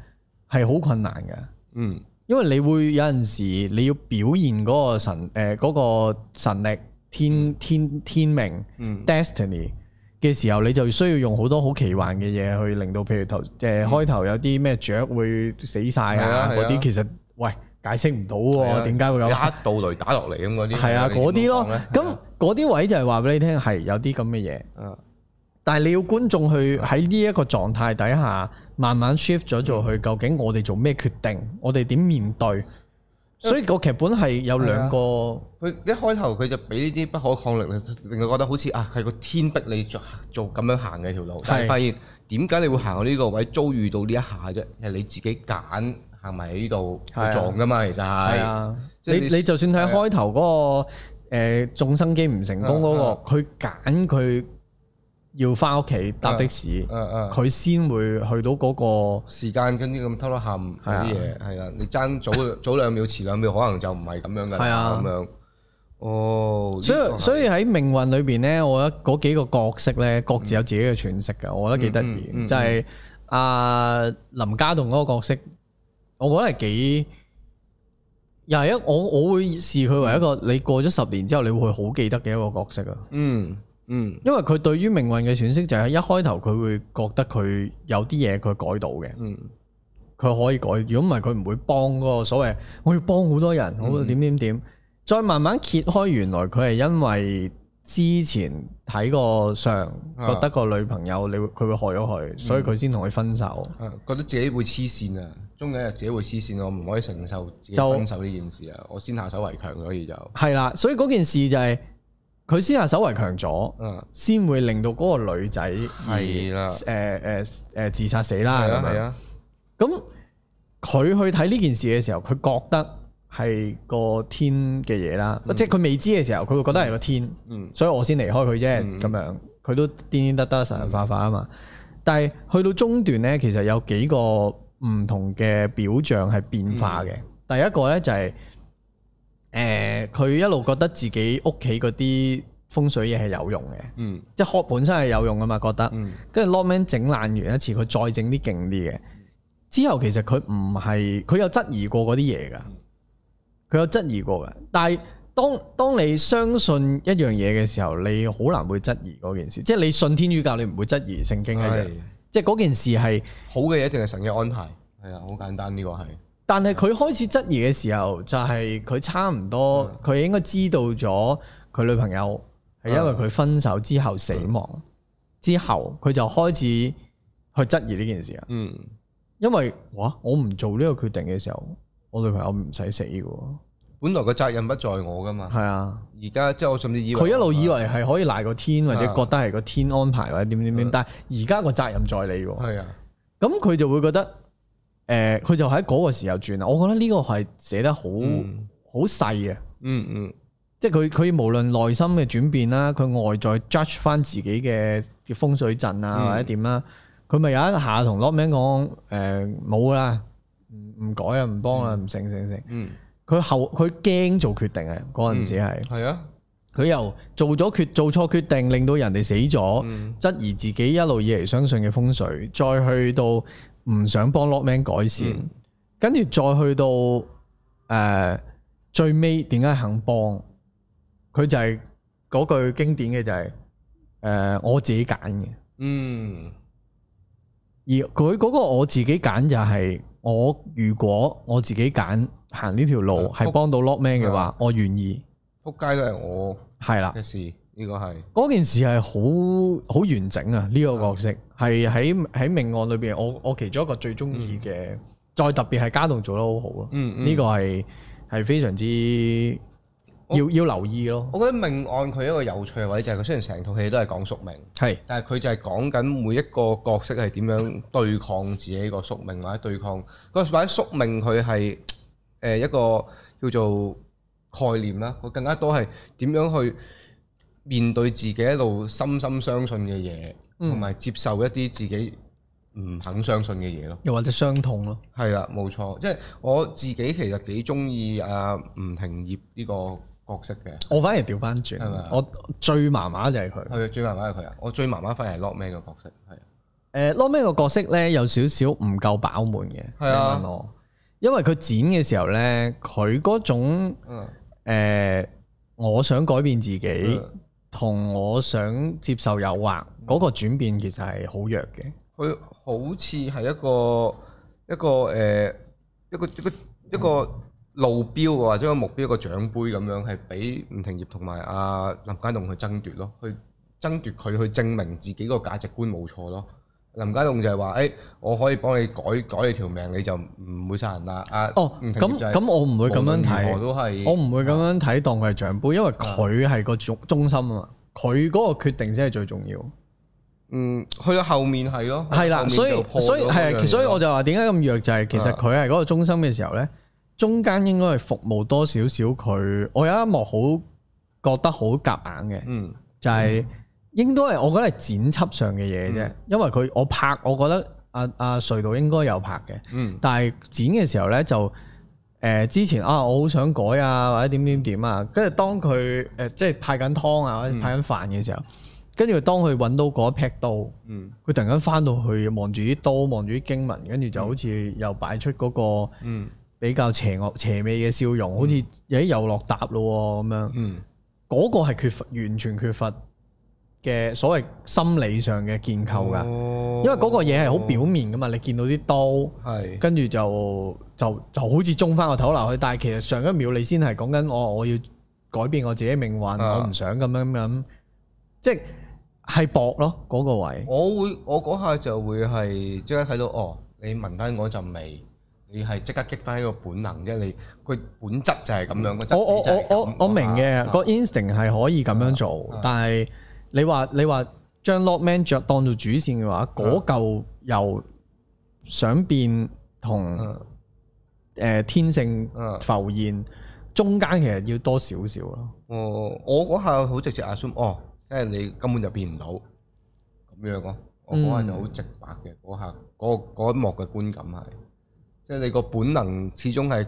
係好、嗯、困難嘅。嗯，因為你會有陣時你要表現嗰個神誒嗰、呃嗰個、神力天天天命、嗯、destiny 嘅時候，你就需要用好多好奇幻嘅嘢去令到譬如頭誒、呃嗯、開頭有啲咩雀會死晒啊嗰啲，其實喂。解釋唔到喎，點解、啊、會有一道雷打落嚟咁嗰啲係啊，嗰啲咯。咁嗰啲位就係話俾你聽，係有啲咁嘅嘢。嗯、啊。但係你要觀眾去喺呢一個狀態底下，慢慢 shift 咗做去，啊、究竟我哋做咩決定？我哋點面對？啊、所以個劇本係有兩個。佢、啊、一開頭佢就俾呢啲不可抗力，令佢覺得好似啊係個天逼你做做咁樣行嘅條路。啊、但係。發現點解你會行到呢個位，遭遇到呢一下啫？係你自己揀。行埋喺呢度，佢撞噶嘛，其實係。係啊，你你就算睇開頭嗰個誒，眾生機唔成功嗰個，佢揀，佢要翻屋企搭的士，佢先會去到嗰個時間跟啲咁偷偷喊，嗰啲嘢。係啊，你爭早早兩秒，遲兩秒，可能就唔係咁樣嘅啦。咁樣哦，所以所以喺命運裏邊咧，我覺得嗰幾個角色咧，各自有自己嘅詮釋嘅，我覺得幾得意。就係阿林家棟嗰個角色。我覺得係幾又係一我我會視佢為一個你過咗十年之後你會好記得嘅一個角色啊、嗯。嗯嗯，因為佢對於命運嘅損失就係一開頭佢會覺得佢有啲嘢佢改到嘅。嗯，佢可以改，如果唔係佢唔會幫嗰個所謂我要幫好多人，好點點點，再慢慢揭開原來佢係因為之前睇過相覺得個女朋友你佢會害咗佢，啊嗯、所以佢先同佢分手、啊，覺得自己會黐線啊。中嘅自己會黐線，我唔可以承受自己分手呢件事啊！我先下手為強，所以就係啦。所以嗰件事就係佢先下手為強咗，嗯，先會令到嗰個女仔係啦，誒誒誒自殺死啦咁樣。咁佢去睇呢件事嘅時候，佢覺得係個天嘅嘢啦，即係佢未知嘅時候，佢會覺得係個天。嗯，所以我先離開佢啫，咁樣佢都癲癲得得神神化化啊嘛。但係去到中段咧，其實有幾個。唔同嘅表象係變化嘅，嗯、第一個咧就係、是，誒、呃，佢一路覺得自己屋企嗰啲風水嘢係有用嘅，嗯、即係學本身係有用噶嘛，覺得，跟住、嗯、Lokman 整爛完一次，佢再整啲勁啲嘅，之後其實佢唔係，佢有質疑過嗰啲嘢噶，佢有質疑過嘅，但係當當你相信一樣嘢嘅時候，你好難會質疑嗰件事，即係你信天主教，你唔會質疑聖經係。即係嗰件事係好嘅，一定係神嘅安排？係啊，好簡單呢個係。但係佢開始質疑嘅時候，就係佢差唔多，佢應該知道咗佢女朋友係因為佢分手之後死亡之後，佢就開始去質疑呢件事啊。嗯，因為話我唔做呢個決定嘅時候，我女朋友唔使死嘅。本來個責任不在我噶嘛，係啊，而家即係我甚至以為佢一路以為係可以賴個天，或者覺得係個天安排或者點點點，但係而家個責任在你，係啊，咁佢就會覺得，誒，佢就喺嗰個時候轉啊，我覺得呢個係寫得好好細啊。嗯嗯，即係佢佢無論內心嘅轉變啦，佢外在 judge 翻自己嘅風水陣啊或者點啦，佢咪有一下同羅明講，誒，冇啦，唔唔改啊，唔幫啊，唔成成成，嗯。佢後佢驚做決定啊！嗰陣時係係啊，佢又做咗決做錯決定，令到人哋死咗，質、嗯、疑自己一路以嚟相信嘅風水，再去到唔想幫 Lockman、ok、改善，跟住、嗯、再去到誒、呃、最尾點解肯幫？佢就係嗰句經典嘅就係、是、誒、呃、我自己揀嘅，嗯，而佢嗰個我自己揀就係、是、我如果我自己揀。行呢條路係幫到 lock man 嘅話，我願意。撲街都係我係啦。件事呢個係嗰件事係好好完整啊！呢個角色係喺喺命案裏邊，我我其中一個最中意嘅，再特別係家棟做得好好啊！呢個係係非常之要要留意咯。我覺得命案佢一個有趣嘅位就係佢雖然成套戲都係講宿命，係，但係佢就係講緊每一個角色係點樣對抗自己個宿命，或者對抗個或者宿命佢係。誒一個叫做概念啦，我更加多係點樣去面對自己一路深深相信嘅嘢，同埋、嗯、接受一啲自己唔肯相信嘅嘢咯。又或者傷痛咯。係啦，冇錯。即係我自己其實幾中意阿吳庭業呢個角色嘅。我反而調翻轉，係咪？我最麻麻就係佢。係啊，最麻麻係佢啊！我最麻麻反而係 Lock 嘅個角色，係啊。誒 Lock 嘅個角色咧，有少少唔夠飽滿嘅。係啊的。因為佢剪嘅時候呢，佢嗰種誒、嗯、呃，我想改變自己，同、嗯、我想接受誘惑嗰、嗰個轉變，其實係好弱嘅。佢好似係一個一個誒、呃、一個一個一個路標或者個目標一個獎盃咁樣，係俾吳庭業同埋阿林家棟去爭奪咯，去爭奪佢去證明自己個價值觀冇錯咯。林家棟就係話，誒，我可以幫你改改你條命，你就唔會殺人啦。啊，哦，咁咁，我唔會咁樣睇。我都係我唔會咁樣睇，當佢係長輩，因為佢係個中中心啊嘛，佢嗰個決定先係最重要。嗯，去到後面係咯，係啦，所以所以係，所以我就話點解咁弱，就係其實佢係嗰個中心嘅時候咧，中間應該係服務多少少佢。我有一幕好覺得好夾硬嘅，嗯，就係。應該係我覺得係剪輯上嘅嘢啫，嗯、因為佢我拍，我覺得阿阿、啊啊、隧道應該有拍嘅，嗯、但係剪嘅時候咧就誒、呃、之前啊我好想改啊或者點點點啊，跟住當佢誒、呃、即係派緊湯啊或者派緊飯嘅時候，跟住、嗯、當佢揾到嗰一劈刀，佢、嗯、突然間翻到去望住啲刀望住啲經文，跟住就好似又擺出嗰個比較邪惡邪魅嘅笑容，好似有啲又落搭咯咁樣，嗰個係缺乏完全缺乏。嘅所謂心理上嘅建構噶，因為嗰個嘢係好表面噶嘛，你見到啲刀，跟住就就就好似中翻個頭落去，但係其實上一秒你先係講緊我我要改變我自己命運，我唔想咁樣咁，即係係搏咯嗰個位。我會我嗰下就會係即刻睇到哦，你聞翻嗰陣味，你係即刻激翻呢個本能啫。你佢本質就係咁樣。我我我我我明嘅，個 instinct 係可以咁樣做，但係。你話你話將 lockman 著當做主線嘅話，嗰嚿由想變同誒天性浮現，嗯、中間其實要多少少咯。我我嗰下好直接 assume 哦，即係你根本就變唔到咁樣咯。我嗰下就好直白嘅，嗰下嗰嗰一幕嘅觀感係，即係你個本能始終係。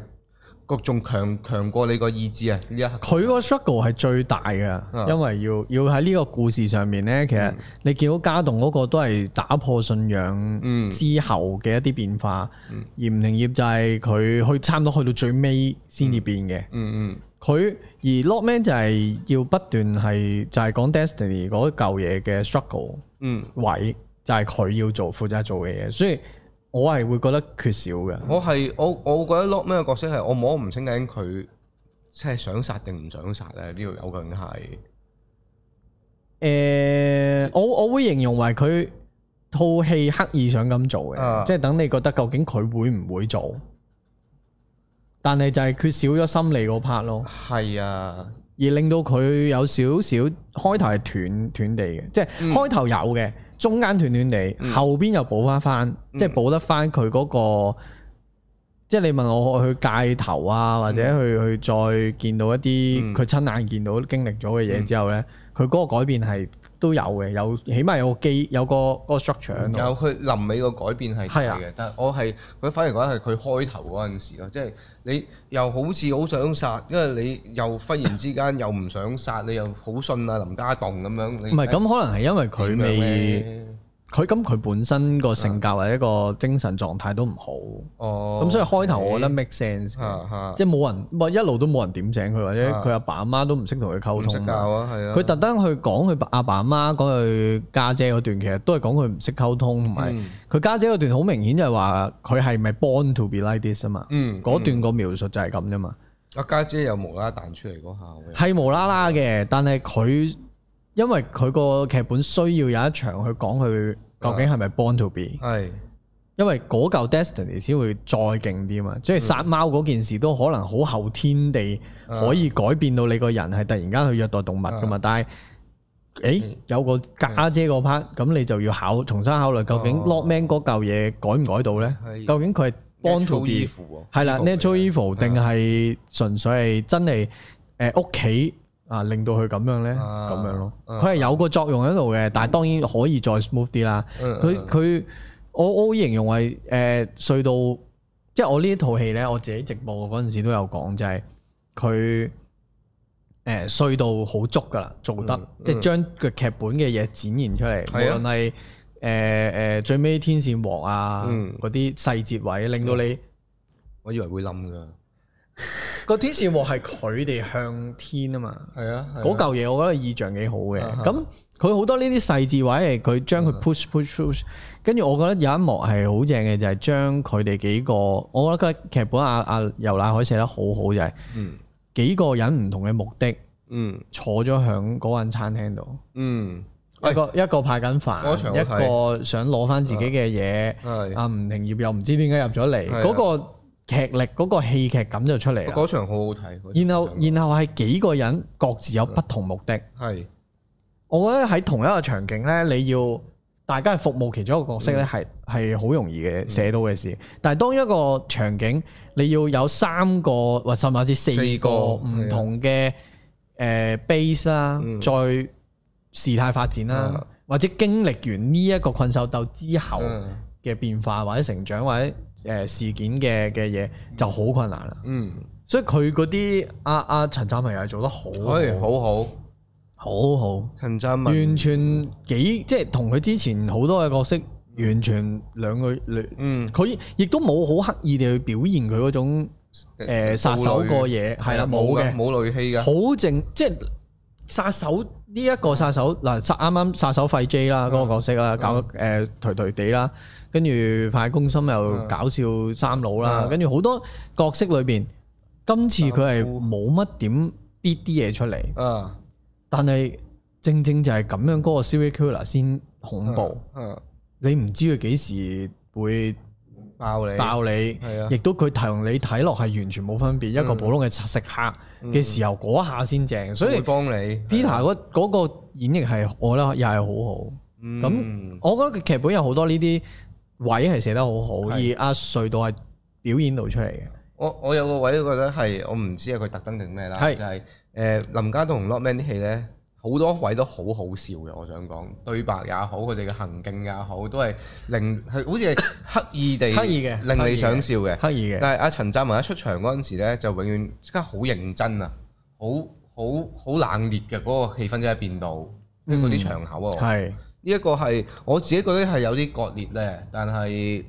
各仲強強過你個意志啊！佢個 struggle 係最大嘅，因為要要喺呢個故事上面咧，其實你見到家棟嗰個都係打破信仰之後嘅一啲變化，嗯、而吳庭業就係佢去差唔多去到最尾先至變嘅、嗯。嗯嗯，佢而 Lordman 就係要不斷係就係、是、講 destiny 嗰嚿嘢嘅 struggle，、嗯、位就係佢要做負責做嘅嘢，所以。我係會覺得缺少嘅。我係我我覺得 Lock 咩角色係我摸唔清、這個、究竟佢，即係想殺定唔想殺咧？呢度有梗係。誒，我我會形容為佢套戲刻意想咁做嘅，啊、即係等你覺得究竟佢會唔會做？但係就係缺少咗心理嗰 part 咯。係啊，而令到佢有少少開頭係斷斷地嘅，即係開頭有嘅。嗯中間斷斷地，嗯、後邊又補翻翻，嗯、即係補得翻佢嗰個，即、就、係、是、你問我去戒頭啊，或者去去、嗯、再見到一啲佢親眼見到經歷咗嘅嘢之後咧，佢嗰、嗯、個改變係都有嘅，有起碼有個機有個嗰、那個、structure，有佢臨尾個改變係嘅，啊、但係我係佢反而覺得係佢開頭嗰陣時咯，即係。你又好似好想殺，因為你又忽然之間又唔想殺，你又好信啊林家棟咁樣。你唔係，咁可能係因為佢未。佢咁佢本身個性格或者一個精神狀態都唔好，咁、哦、所以開頭我覺得 make sense、哎、即係冇人，哎、一路都冇人點醒佢，或者佢阿爸阿媽都唔識同佢溝通。唔識教啊，係啊！佢特登去講佢阿爸阿媽講佢家姐嗰段，其實都係講佢唔識溝通，同埋佢家姐嗰段好明顯就係話佢係咪 born to be like this 啊嘛、嗯？嗯，嗰段個描述就係咁啫嘛。阿家、嗯嗯嗯、姐、姐又無啦啦彈出嚟嗰下，係無啦啦嘅，但係佢。因為佢個劇本需要有一場去講佢究竟係咪 born to be？係，因為嗰嚿 destiny 先會再勁啲嘛。即係殺貓嗰件事都可能好後天地可以改變到你個人係突然間去虐待動物噶嘛。但係誒有個家姐個 part，咁你就要考重新考慮究竟 Lokman 嗰嚿嘢改唔改到呢？究竟佢係 born to be？係啦，natural evil 定係純粹係真係誒屋企？啊！令到佢咁樣咧，咁樣咯，佢係有個作用喺度嘅，嗯、但係當然可以再 smooth 啲啦。佢佢我我形容為誒、呃，隧道即係我呢一套戲咧，我自己直播嗰陣時都有講，就係佢誒隧道好足噶，做得，嗯嗯、即係將個劇本嘅嘢展現出嚟，嗯嗯、無論係誒誒最尾天線黃啊，嗰啲細節位令到你、嗯，我以為會冧噶。個天線幕係佢哋向天啊嘛，係啊，嗰嚿嘢，我覺得意象幾好嘅。咁佢好多呢啲細節位，佢將佢 push push push, push。跟住我覺得有一幕係好正嘅，就係將佢哋幾個，我覺得佢劇本阿阿游乃海寫得好好就係、是，幾個人唔同嘅目的嗯，嗯，坐咗響嗰間餐廳度，嗯，一個一個派緊飯，一個想攞翻自己嘅嘢，阿吳庭業又唔知點解入咗嚟，個。劇力嗰個戲劇感就出嚟，嗰場好好睇。然後，然後係那場 幾個人各自有不同目的。係是，我覺得喺同一個場景呢，你要大家係服務其中一個角色呢，係係好容易嘅寫、嗯、到嘅事。但係當一個場景你要有三個或甚至四個唔同嘅誒 base 啦，嗯、再事態發展啦，嗯、或者經歷完呢一個困獸鬥之後嘅變化，或者成長，或者誒，事件嘅嘅嘢，就好困難啦。嗯，所以佢嗰啲阿阿陳湛文又係做得好。誒，好好，好好，陳湛文完全幾即係同佢之前好多嘅角色完全兩個，嗯，佢亦都冇好刻意地去表現佢嗰種誒殺手個嘢，係啦，冇嘅，冇戾氣噶好靜，即係殺手呢一個殺手嗱，殺啱啱殺手費雞啦，嗰個角色啦，搞誒頹頹地啦。跟住快公心又搞笑三佬啦，跟住好多角色裏邊，今次佢係冇乜點啲啲嘢出嚟，但係正正就係咁樣嗰個 serial killer 先恐怖，你唔知佢幾時會爆你，爆你，亦都佢同你睇落係完全冇分別，一個普通嘅食客嘅時候嗰下先正，所以 Peter 嗰個演繹係我覺得又係好好，咁我覺得劇本有好多呢啲。位係寫得好好，是而阿隧道係表演到出嚟嘅。我我有個位都覺得係，嗯、我唔知係佢特登定咩啦。係誒是、就係呃、林家棟同 Lokman 啲戲咧，好多位都好好笑嘅。我想講對白也好，佢哋嘅行徑也好，都係令係好似係刻意地 刻意嘅令你想笑嘅。刻意嘅。但係阿陳湛文一出場嗰陣時咧，就永遠即刻好認真啊，好好好冷烈嘅嗰、那個氣氛即係變到，因為嗰啲場口啊。係。是呢一個係我自己覺得係有啲割裂咧，但係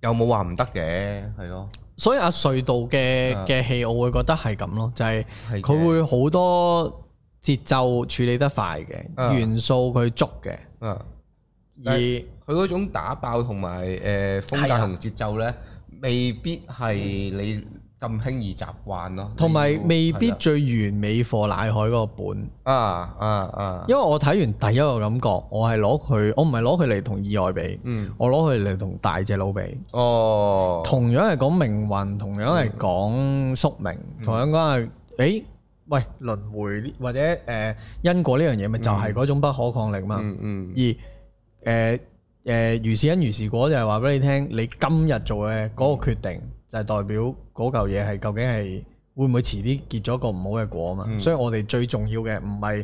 又冇話唔得嘅，係咯。所以阿隧道嘅嘅、啊、戲，我會覺得係咁咯，就係、係、佢會好多節奏處理得快嘅，的元素佢捉嘅，而佢嗰種打爆同埋誒風格同節奏呢，未必係你。嗯嗯嗯咁輕易習慣咯，同埋未必最完美貨奶海嗰個本啊啊啊！啊因為我睇完第一個感覺，我係攞佢，我唔係攞佢嚟同意外比，嗯、我攞佢嚟同大隻佬比。哦，同樣係講命運，同樣係講宿命，嗯、同樣講係誒喂輪迴或者誒、呃、因果呢樣嘢，咪就係嗰種不可抗力嘛。嗯嗯。嗯嗯而誒誒、呃呃、如是因如是果，就係話俾你聽，你今日做嘅嗰個決定。嗯係代表嗰嚿嘢，係究竟係會唔會遲啲結咗個唔好嘅果啊嘛，所以我哋最重要嘅唔係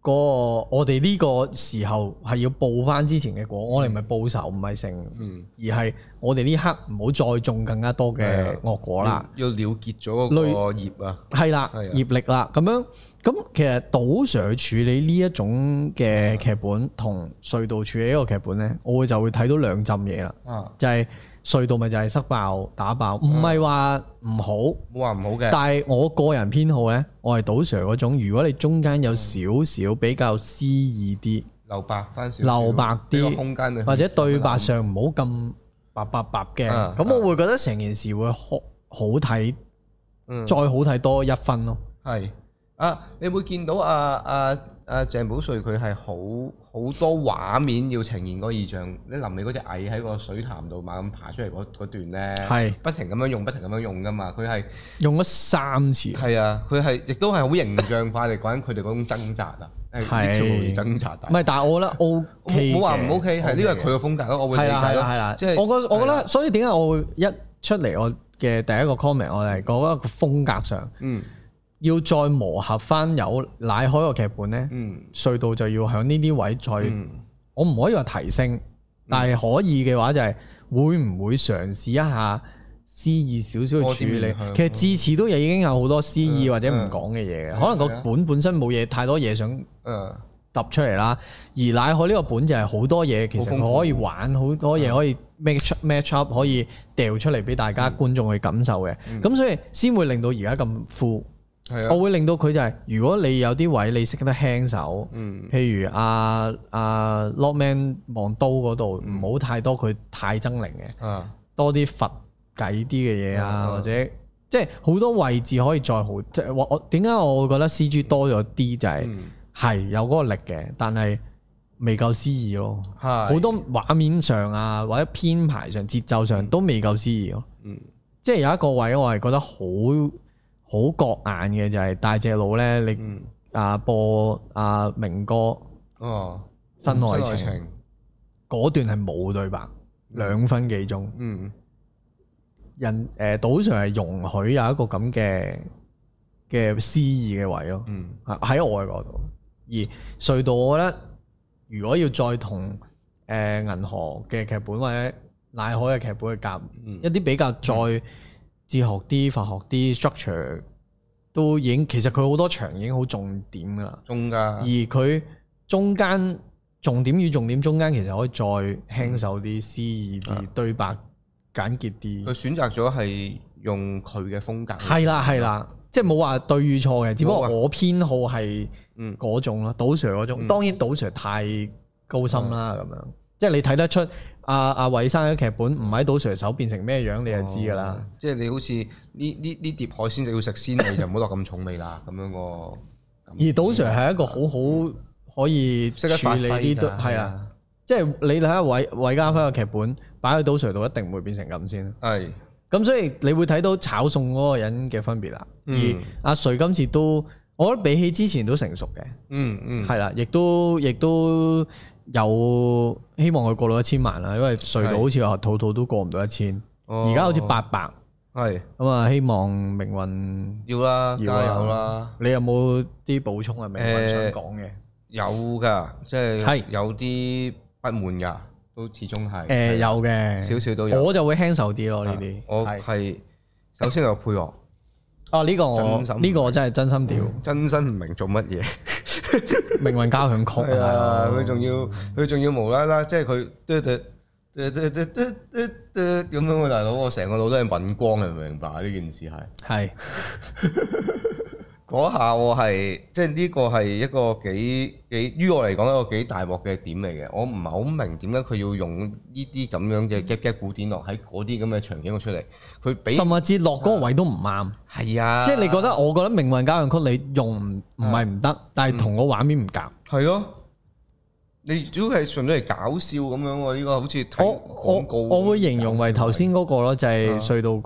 嗰個，我哋呢個時候係要報翻之前嘅果，我哋唔係報仇，唔係成，而係我哋呢刻唔好再種更加多嘅惡果啦。要了結咗嗰個業啊，係啦，業力啦，咁樣，咁其實杜 Sir 處理呢一種嘅劇本同隧道處理一個劇本咧，我會就會睇到兩浸嘢啦，就係。隧道咪就係塞爆打爆，唔係話唔好，冇話唔好嘅。但係我個人偏好咧，我係賭 Sir 嗰種。如果你中間有少少比較詩意啲，留白翻少少，留白啲，空間，或者對白上唔好咁白白白嘅，咁、啊、我會覺得成件事會好好睇，嗯，再好睇多一分咯。係啊，你會見到啊啊！阿鄭保瑞佢係好好多畫面要呈現個異象，你臨尾嗰隻蟻喺個水潭度猛咁爬出嚟嗰段咧，不停咁樣用，不停咁樣用噶嘛，佢係用咗三次。係啊，佢係亦都係好形象化嚟講，佢哋嗰種掙扎啊，呢條路嚟掙扎。唔係，但係我覺得，O K，我話唔 O K 係呢個係佢嘅風格咯，我會理解咯。係啦係啦，即係我覺我覺得，所以點解我會一出嚟我嘅第一個 comment，我哋講一個風格上，嗯。要再磨合翻有奶海個劇本咧，隧道就要喺呢啲位再，我唔可以話提升，但係可以嘅話就係會唔會嘗試一下詩意少少嘅處理？其實至此都已經有好多詩意或者唔講嘅嘢嘅，可能個本本身冇嘢太多嘢想揼出嚟啦。而奶海呢個本就係好多嘢，其實可以玩好多嘢，可以 match match up，可以掉出嚟俾大家觀眾去感受嘅。咁所以先會令到而家咁富。啊、我會令到佢就係、是，如果你有啲位你識得輕手，嗯、譬如阿阿 Lockman 望刀嗰度，唔、啊、好、啊嗯、太多佢太猙獰嘅，多啲佛偈啲嘅嘢啊，啊啊或者即係好多位置可以再好。即係我我點解我會覺得 CG 多咗啲就係、是、係、嗯、有嗰個力嘅，但係未夠詩意咯。好、嗯、多畫面上啊，或者編排上、節奏上都未夠詩意咯。嗯，即係有一個位我係覺得好。好覺眼嘅就係、是、大隻佬咧，你啊播阿、啊、明哥哦新愛情嗰段係冇對白，兩分幾鐘。嗯，人誒，島、呃、上係容許有一個咁嘅嘅詩意嘅位咯。嗯，喺我嗰度，而隧道我覺得如果要再同誒銀河嘅劇本或者奶海嘅劇本去夾，嗯、一啲比較再。嗯哲學啲，法學啲 structure 都已經，其實佢好多場已經好重點噶啦。中噶。而佢中間重點與重點中間，其實可以再輕手啲，詩意啲，對白簡潔啲。佢選擇咗係用佢嘅風格。係啦，係啦，即係冇話對與錯嘅，只不過我偏好係嗰種咯杜 Sir 嗰種。當然杜 Sir 太高深啦，咁樣，即係你睇得出。阿阿韋生嘅劇本唔喺杜 Sir 手變成咩樣，你就知噶啦。即係你好似呢呢呢碟海鮮，就要食鮮，你就唔好落咁重味啦。咁樣而杜 Sir 係一個好好可以識得處理啲都係啊。即係你睇下韋韋家輝嘅劇本擺喺杜 Sir 度，一定唔會變成咁先。係。咁所以你會睇到炒餸嗰個人嘅分別啦。而阿瑞今次都，我覺得比起之前都成熟嘅。嗯嗯。係啦，亦都亦都。有希望佢過到一千萬啦，因為隧道好似話套套都過唔到一千，而家好似八百。係咁啊！希望命運要啦，要有啦。你有冇啲補充啊？命運想講嘅有㗎，即係係有啲不滿㗎，都始終係誒有嘅，少少都有。我就會輕手啲咯，呢啲我係首先有配樂。啊！呢、哦這個我呢個我真係真心屌，真心唔明做乜嘢，命運 交響曲啊！ 佢仲要佢仲要無啦啦，即係佢嘟嘟嘟嘟嘟嘟嘟咁樣，大佬我成個腦都係敏光啊！明唔明白呢件事係係。 是 嗰下我係即係呢個係一個幾幾於我嚟講一個幾大鑊嘅點嚟嘅，我唔係好明點解佢要用呢啲咁樣嘅 gap gap 古典樂喺嗰啲咁嘅場景度出嚟。佢甚至落嗰個位都唔啱。係啊，啊即係你覺得我覺得《命運交響曲》你用唔係唔得，嗯、但係同個畫面唔夾。係咯、嗯啊，你如果係純粹係搞笑咁樣喎，呢、呢個好似睇廣告我。我我會形容為頭先嗰個咯，就係隧道嗰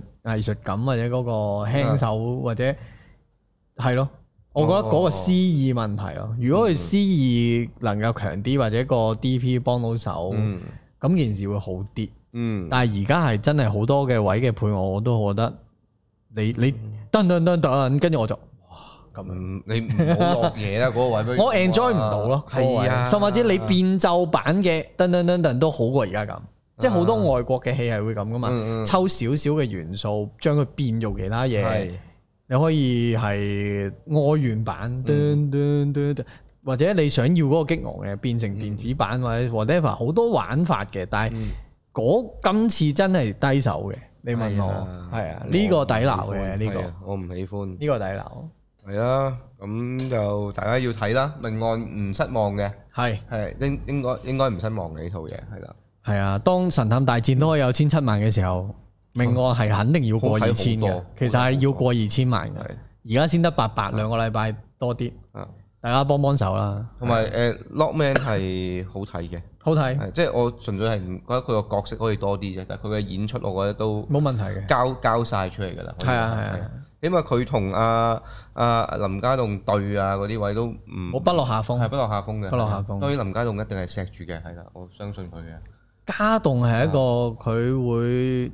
個藝術感或者嗰個輕手或者、嗯。嗯嗯嗯。係咯，我覺得嗰個詩意問題咯。如果佢詩意能夠強啲，或者個 DP 幫到手，咁、嗯、件事會好啲。嗯。但係而家係真係好多嘅位嘅配樂，我都覺得你你噔噔噔噔，跟住我就哇咁，你唔好落嘢啦嗰個位。我 enjoy 唔到咯，係啊，甚至你變奏版嘅噔噔噔噔噔都好過而家咁，啊、即係好多外國嘅戲係會咁噶嘛，嗯嗯抽少少嘅元素，將佢變做其他嘢。你可以係外原版嘆嘆嘆嘆嘆，或者你想要嗰個激昂嘅變成電子版或者 whatever，好多玩法嘅。但係嗰、嗯、今次真係低手嘅，你問我係、哎、呀啊？呢、呢個底流嘅呢個，啊、我唔喜歡呢個底流。係啊，咁就大家要睇啦，命案唔失望嘅，係係應應該應該唔失望嘅呢套嘢，係啦、啊。係啊，當神探大戰都可以有千七萬嘅時候。命案係肯定要過二千嘅，其實係要過二千萬嘅。而家先得八百，兩個禮拜多啲。大家幫幫手啦。同埋，誒，Lockman 係好睇嘅。好睇。即係我純粹係覺得佢個角色可以多啲啫，但係佢嘅演出，我覺得都冇問題嘅。交交晒出嚟噶啦。係啊係啊，因為佢同阿阿林家棟對啊嗰啲位都唔。不落下風。係不落下風嘅。不落下風。當然林家棟一定係錫住嘅，係啦，我相信佢嘅。家棟係一個佢會。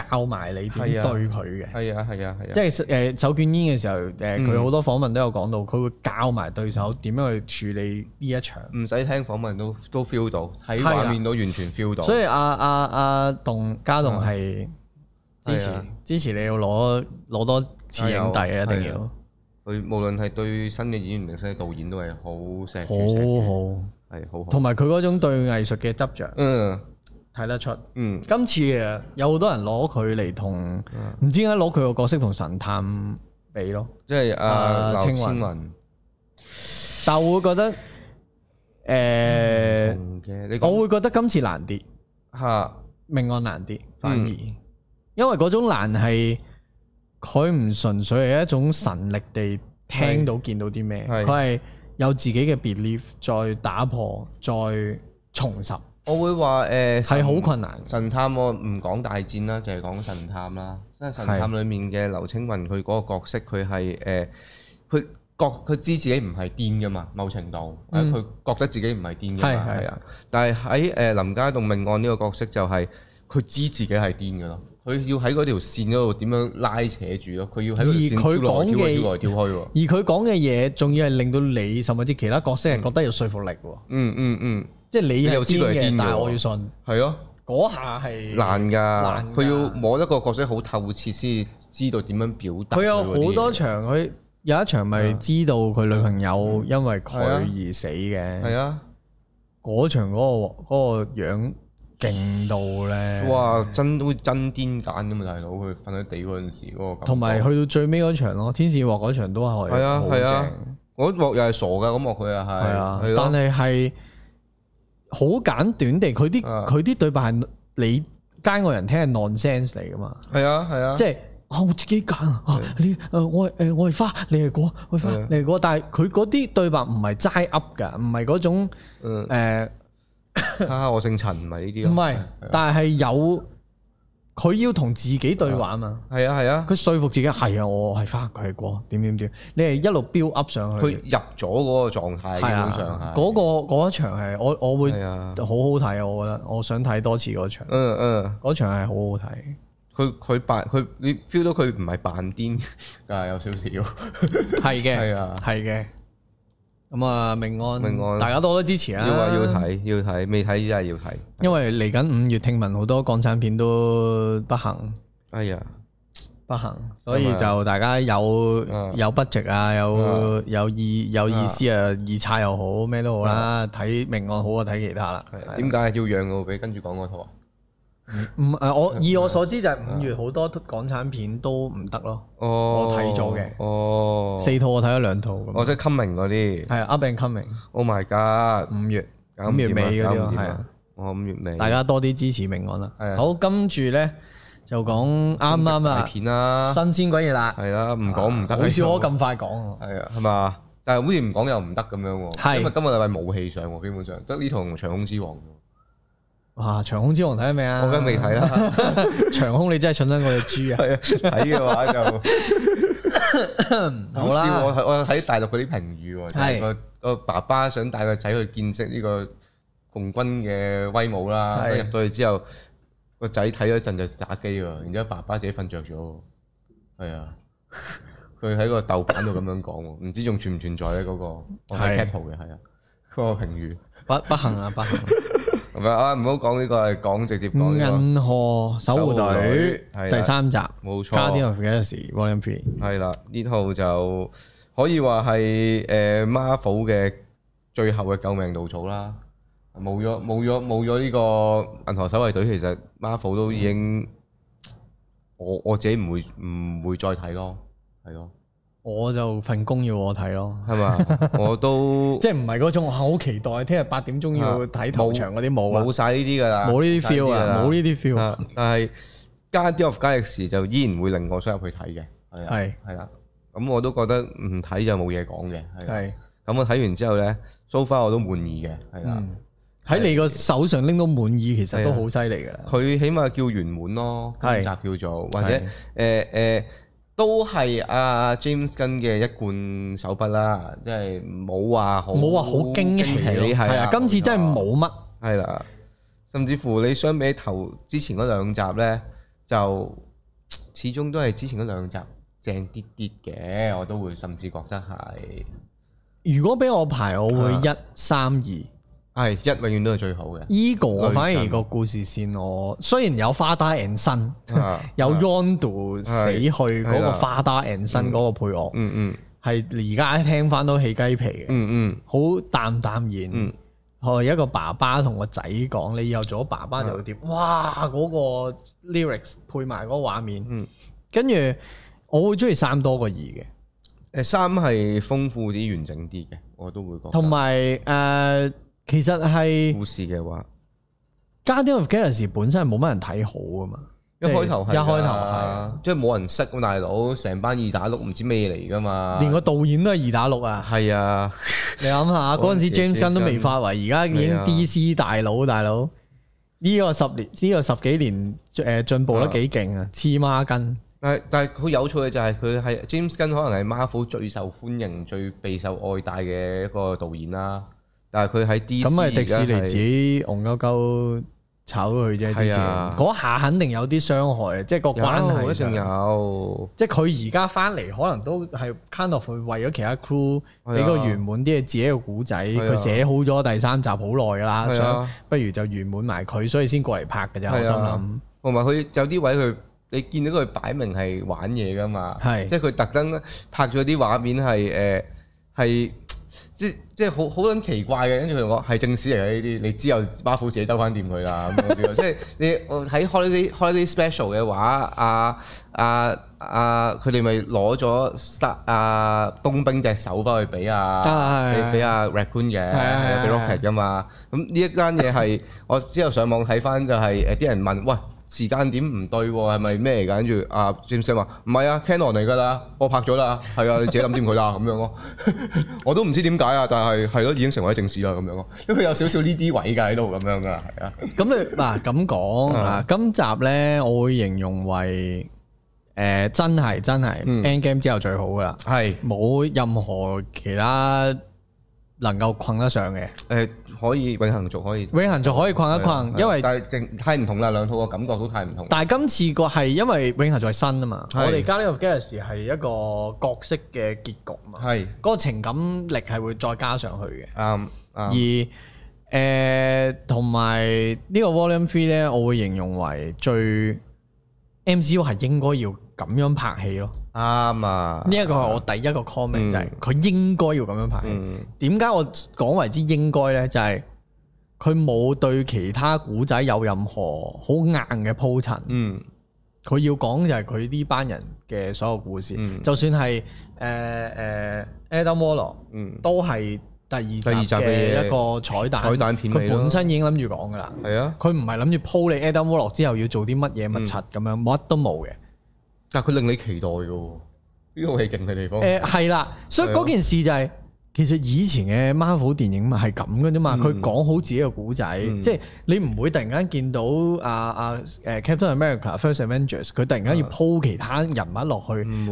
教埋你點對佢嘅，係啊係啊係啊！啊啊啊即係誒手捲煙嘅時候，誒佢好多訪問都有講到，佢、嗯、會教埋對手點樣去處理呢一場。唔使聽訪問都都 feel 到，喺畫面都完全 feel 到、啊。所以阿阿阿林家棟係支持支持，啊、支持支持你要攞攞多次影帝一定要。佢、哎啊、無論係對新嘅演員定新嘅導演都係好成好好係、啊、好，好，同埋佢嗰種對藝術嘅執着。嗯。嗯。睇得出，嗯，今次嘅有好多人攞佢嚟同，唔、嗯、知點解攞佢個角色同神探比咯，即係阿青雲。但係我會覺得，誒、呃，我會覺得今次難啲嚇，命案哈難啲，反而，嗯、因為嗰種難係佢唔純粹係一種神力地聽到見到啲咩，佢係是是有自己嘅 belief 再打破再重拾。我會話誒，係、呃、好困難。神探我唔講大戰啦，就係講神探啦。因為神探裏面嘅劉青雲，佢嗰個角色，佢係誒，佢、呃、覺佢知自己唔係癲噶嘛，某程度，佢、嗯、覺得自己唔係癲嘅。係啊。的但係喺誒林家棟命案呢個角色、就是，就係佢知自己係癲噶咯。佢要喺嗰條線嗰度點樣拉扯住咯，佢要喺而佢講嘅嘢，跳來跳來跳去而佢講嘅嘢，仲要係令到你甚至其他角色係覺得有說服力。嗯嗯嗯。嗯嗯嗯即係你，你又知道係癲嘅，但係我要信係咯。嗰下係難㗎難㗎，佢要摸一個角色好透徹先知道點樣表達。佢有好多場，佢有一場咪知道佢女朋友因為佢而死嘅。係啊，嗰、啊、場嗰、嗰個嗰、嗰個、樣勁到咧，哇！真都真癲簡咁嘛大佬！佢瞓喺地嗰陣時嗰個同埋去到最尾嗰場咯，天使畫嗰場都係係啊係啊，我又係傻㗎，咁畫佢又係係啊，但係係。好簡短地，佢啲佢啲對白係你街外、啊、人聽係 nonsense 嚟噶嘛？係啊係啊，即係、啊就是啊、我自己揀啊呢、啊，我誒我係花，你係果，我係花，啊、你係果。但係佢嗰啲對白唔係齋噏噶，唔係嗰種誒，啊我姓陳唔係呢啲唔係，但係有。 佢要同自己對話嘛？係啊係啊，佢、啊、說服自己係啊，我係花，佢係果，點點點，你係一路標 up 上去。佢入咗嗰個狀態，基本上係嗰、啊那個嗰一場係我我會、啊、好好睇啊！我覺得我想睇多次嗰場。嗯嗯、啊，嗰、啊、場係好好睇。佢佢扮佢，你 feel 到佢唔係扮癲㗎， 有少少係嘅，係啊，係嘅。咁啊，命案，大家多多支持啊！要睇要睇，未睇真係要睇。因為嚟緊五月聽聞好多港產片都不幸，哎呀，不幸，所以就大家有有不值啊，有有意有意思啊，二叉又好咩都好啦，睇命案好啊，睇其他啦。點解要讓路俾跟住講嗰套？唔唔，我以我所知就係五月好多港產片都唔得咯。我睇咗嘅，哦，四套我睇咗兩套。哦，即係 coming 嗰啲，係啊，Up and Coming。Oh my god！五月，五月尾嗰啲係啊，我五月尾。大家多啲支持明岸啦。好，跟住咧就講啱啱啊片啦，新鮮鬼嘢啦。係啊，唔講唔得。好少我咁快講啊。係啊，係嘛？但係好似唔講又唔得咁樣喎。今日今日係冇戲上喎，基本上得呢套《長空之王》。哇！長空之王睇咗未啊？我梗未睇啦。長空，你真係蠢得過隻豬啊！睇嘅話就 好啦吧。我我睇大陸嗰啲評語，個個是爸爸想帶個仔去見識呢個共軍嘅威武啦。入到是去之後，個仔睇咗陣就打機喎。然之後爸爸自己瞓着咗。係啊，佢喺個豆瓣度咁樣講，唔知仲存唔存在咧？嗰、嗰個是我睇截圖嘅係啊，嗰、嗰個評語不不幸啊，不幸。唔係啊！唔好講呢個，係講直接講、這個《銀河守護隊》護隊第三集，冇錯。《Guardians of the Galaxy》，係啦，呢套就可以話係誒 Marvel 嘅最後嘅救命稻草啦。冇咗冇咗冇咗呢個銀河守衞隊，其實 Marvel 都已經，嗯、我我自己唔會唔會再睇咯，係咯。我就份工要我睇咯，係嘛？我都即係唔係嗰種好期待，聽日八點鐘要睇頭場嗰啲冇，冇晒呢啲噶啦，冇呢啲 feel 啊，冇呢啲 feel 啊。但係 Guardians of Galaxy 就依然會令我想入去睇嘅，係係啦。咁我都覺得唔睇就冇嘢講嘅，係咁我睇完之後咧，so far 我都滿意嘅，係啦。喺你個手上拎到滿意，其實都好犀利嘅噶。佢起碼叫圓滿咯，集叫做或者誒誒。都係阿 James Gunn 嘅一貫手筆啦，即係冇話冇話好驚喜，係啊，了今次真係冇乜，係啦。甚至乎你相比頭之前嗰兩集呢，就始終都係之前嗰兩集正啲啲嘅，我都會甚至覺得係。如果俾我排，我會一三二。2 係一永遠都係最好嘅。Eagle，依個反而個故事線，我雖然有 Father and Son，有 Yondu 死去嗰個 Father and Son 嗰個配樂，嗯嗯，係而家聽翻都起雞皮嘅，嗯嗯，好淡淡然，係一個爸爸同個仔講，你以後做咗爸爸又點？哇，嗰個 lyrics 配埋嗰畫面，嗯，跟住我會中意三多過二嘅，誒，三係豐富啲、完整啲嘅，我都會講。同埋誒。其實係故事嘅話，《Guardians of Galaxy》本身係冇乜人睇好噶嘛，一開頭係一開頭係，即係冇人識、啊、大佬，成班二打六唔知咩嚟噶嘛，連個導演都係二打六啊，係啊， 你諗下嗰陣我 時 James Gunn 都未發圍，而家已經 DC、啊、大佬大佬，呢個十年呢個十幾年誒進步得幾勁啊，黐孖筋。但係但係好有趣嘅就係佢係 James Gunn 可能係 Marvel 最受歡迎、最備受愛戴嘅一個導演啦。但係佢喺 Disney 咁係迪士尼自己戇鳩鳩炒佢啫。之前嗰下肯定有啲傷害，即係個關係仲有。即係佢而家翻嚟，可能都係 canon 去為咗其他 crew 俾個圓滿啲嘅自己嘅故仔。佢寫好咗第三集好耐啦，想不如就圓滿埋佢，所以先過嚟拍㗎啫。心諗同埋佢有啲位，佢你見到佢擺明係玩嘢㗎嘛？係即係佢特登拍咗啲畫面係誒係。即即係好好撚奇怪嘅，跟住佢講係正史嚟嘅呢啲，你之後馬虎自己兜翻掂佢啦，咁啲即係你喺 Holiday Holiday Special 嘅話，阿阿阿佢哋咪攞咗沙阿冬兵隻手翻去俾啊，俾阿 Raccoon 嘅，俾、啊啊啊 啊、Rocket 噶嘛。咁呢一間嘢係我之後上網睇翻就係誒啲人問喂。時間點唔對喎，啊，係咪咩嚟㗎？跟住啊 James 話唔係啊 Canon 嚟㗎啦，我拍咗啦，係 啊，你自己諗掂佢啦咁樣咯。 我都唔知點解啊，但係係咯，已經成為正史啦咁樣咯，因為有少少呢啲位㗎喺度咁樣㗎，係啊。咁 你嗱咁講啊，今集咧我會形容為誒、呃、真係真係 Endgame 之後最好㗎啦，係冇是任何其他。能夠困得上嘅，誒可以永恆族可以永恆族可以困一困，因為但係勁太唔同啦，兩套個感覺都太唔同。但係今次個係因為永恆族係新啊嘛，我哋而家呢個 Galaxy 係一個角色嘅結局嘛，係嗰個情感力係會再加上去嘅。啱，而誒同埋呢個 Volume Three 咧，我會形容為最 MCU 係應該要。咁樣拍戲咯，啱啊！呢一個係我第一個 comment，嗯、就係佢應該要咁樣拍戲。點解？嗯、我講為之應該咧？就係佢冇對其他古仔有任何好硬嘅鋪陳。嗯，佢要講就係佢呢班人嘅所有故事。嗯、就算係誒誒 Adam Warlock，嗯，都係第二集嘅一個彩蛋。彩蛋片佢本身已經諗住講噶啦。係啊、嗯。佢唔係諗住鋪你 Adam Warlock 之後要做啲乜嘢乜柒咁樣，乜都冇嘅。但佢令你期待嘅，呢、呢個係勁嘅地方。誒係啦，所以嗰件事就係、是、是的 其實以前嘅 Marvel 電影咪係咁嘅啫嘛。佢、嗯、講好自己嘅古仔，嗯、即係你唔會突然間見到阿阿誒 Captain America First Avengers，佢突然間要鋪其他人物落去，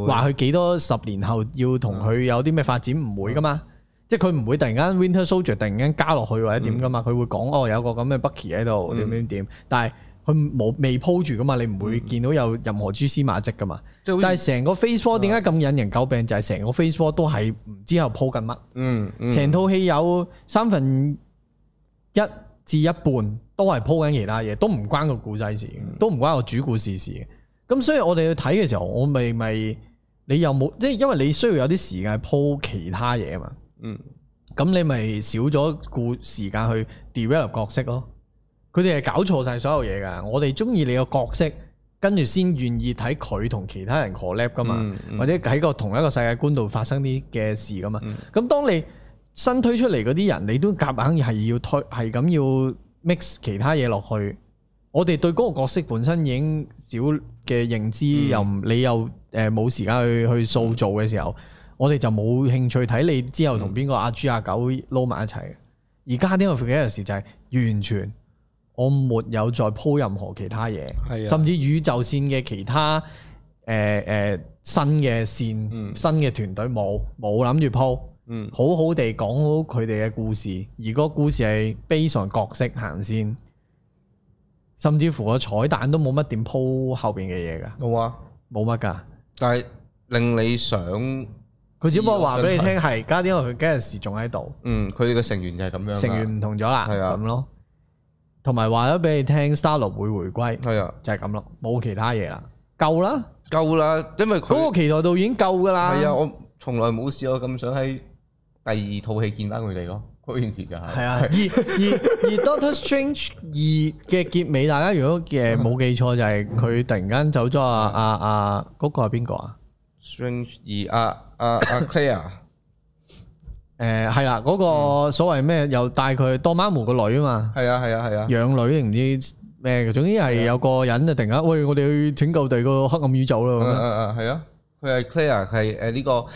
話佢幾多十年後要同佢有啲咩發展，唔會噶嘛。的即係佢唔會突然間 Winter Soldier 突然間加落去或者點噶嘛。佢、嗯、會講哦，有個咁嘅 Bucky 喺度，點點點。但係佢冇未鋪住㗎嘛？你唔會見到有任何蛛絲馬跡㗎嘛？嗯、但係成個 Facebook 點解咁引人詬病？嗯、就係成個 Facebook 都係唔知又鋪緊乜、嗯？嗯，成套戲有三分一至一半都係鋪緊其他嘢，都唔關個故仔事，事，嗯、都唔關個主故事事嘅。咁所以我哋去睇嘅時候，我咪咪你又冇？即係因為你需要有啲時間去鋪其他嘢嘛？嗯，咁你咪少咗故時間去 develop 角色咯。佢哋係搞錯晒所有嘢㗎，我哋中意你個角色，跟住先願意睇佢同其他人 collab 㗎嘛，嗯嗯、或者喺個同一個世界觀度發生啲嘅事㗎嘛。咁、嗯、當你新推出嚟嗰啲人，你都夾硬係要推，係咁要 mix 其他嘢落去。我哋對嗰個角色本身已經少嘅認知，嗯、又唔你又誒冇時間去去塑造嘅時候，我哋就冇興趣睇你之後同邊個阿豬阿狗撈埋一齊，而家呢個 first 就係完全。E 我沒有再鋪任何其他嘢，啊、甚至宇宙線嘅其他誒誒、呃呃、新嘅線、嗯、新嘅團隊冇冇諗住鋪，好、嗯、好地講好佢哋嘅故事。而個故事係非常角色行先，甚至乎個彩蛋都冇乜點鋪後邊嘅嘢噶，冇啊，冇乜噶。但係令你想佢只不過話俾你聽係加啲落去嗰陣時仲喺度，嗯，佢哋嘅成員就係咁樣，成員唔同咗啦，咁咯。同埋話咗畀你聽，Star Lord 會回歸，係啊，就係咁咯，冇其他嘢啦，夠啦，夠啦，因為佢個期待度已經夠噶啦。係啊，我從來冇試過咁想喺第二套戲見翻佢哋咯，嗰件事就係。係啊，是而而而 Doctor Strange 二嘅結尾，大家如果誒冇記錯，就係佢突然間走咗啊啊啊，嗰個係邊個啊？Strange 二啊啊啊，啊 Claire 誒，係、啊、啦，嗰個、嗯、所謂咩又帶佢當媽咪個女啊嘛，係啊係啊係啊，養女定唔知咩，總之係有個人就突然間，喂，我哋去拯救第二個黑暗宇宙啦。嗯嗯嗯，係啊，佢係 Clea，e 係誒呢個誒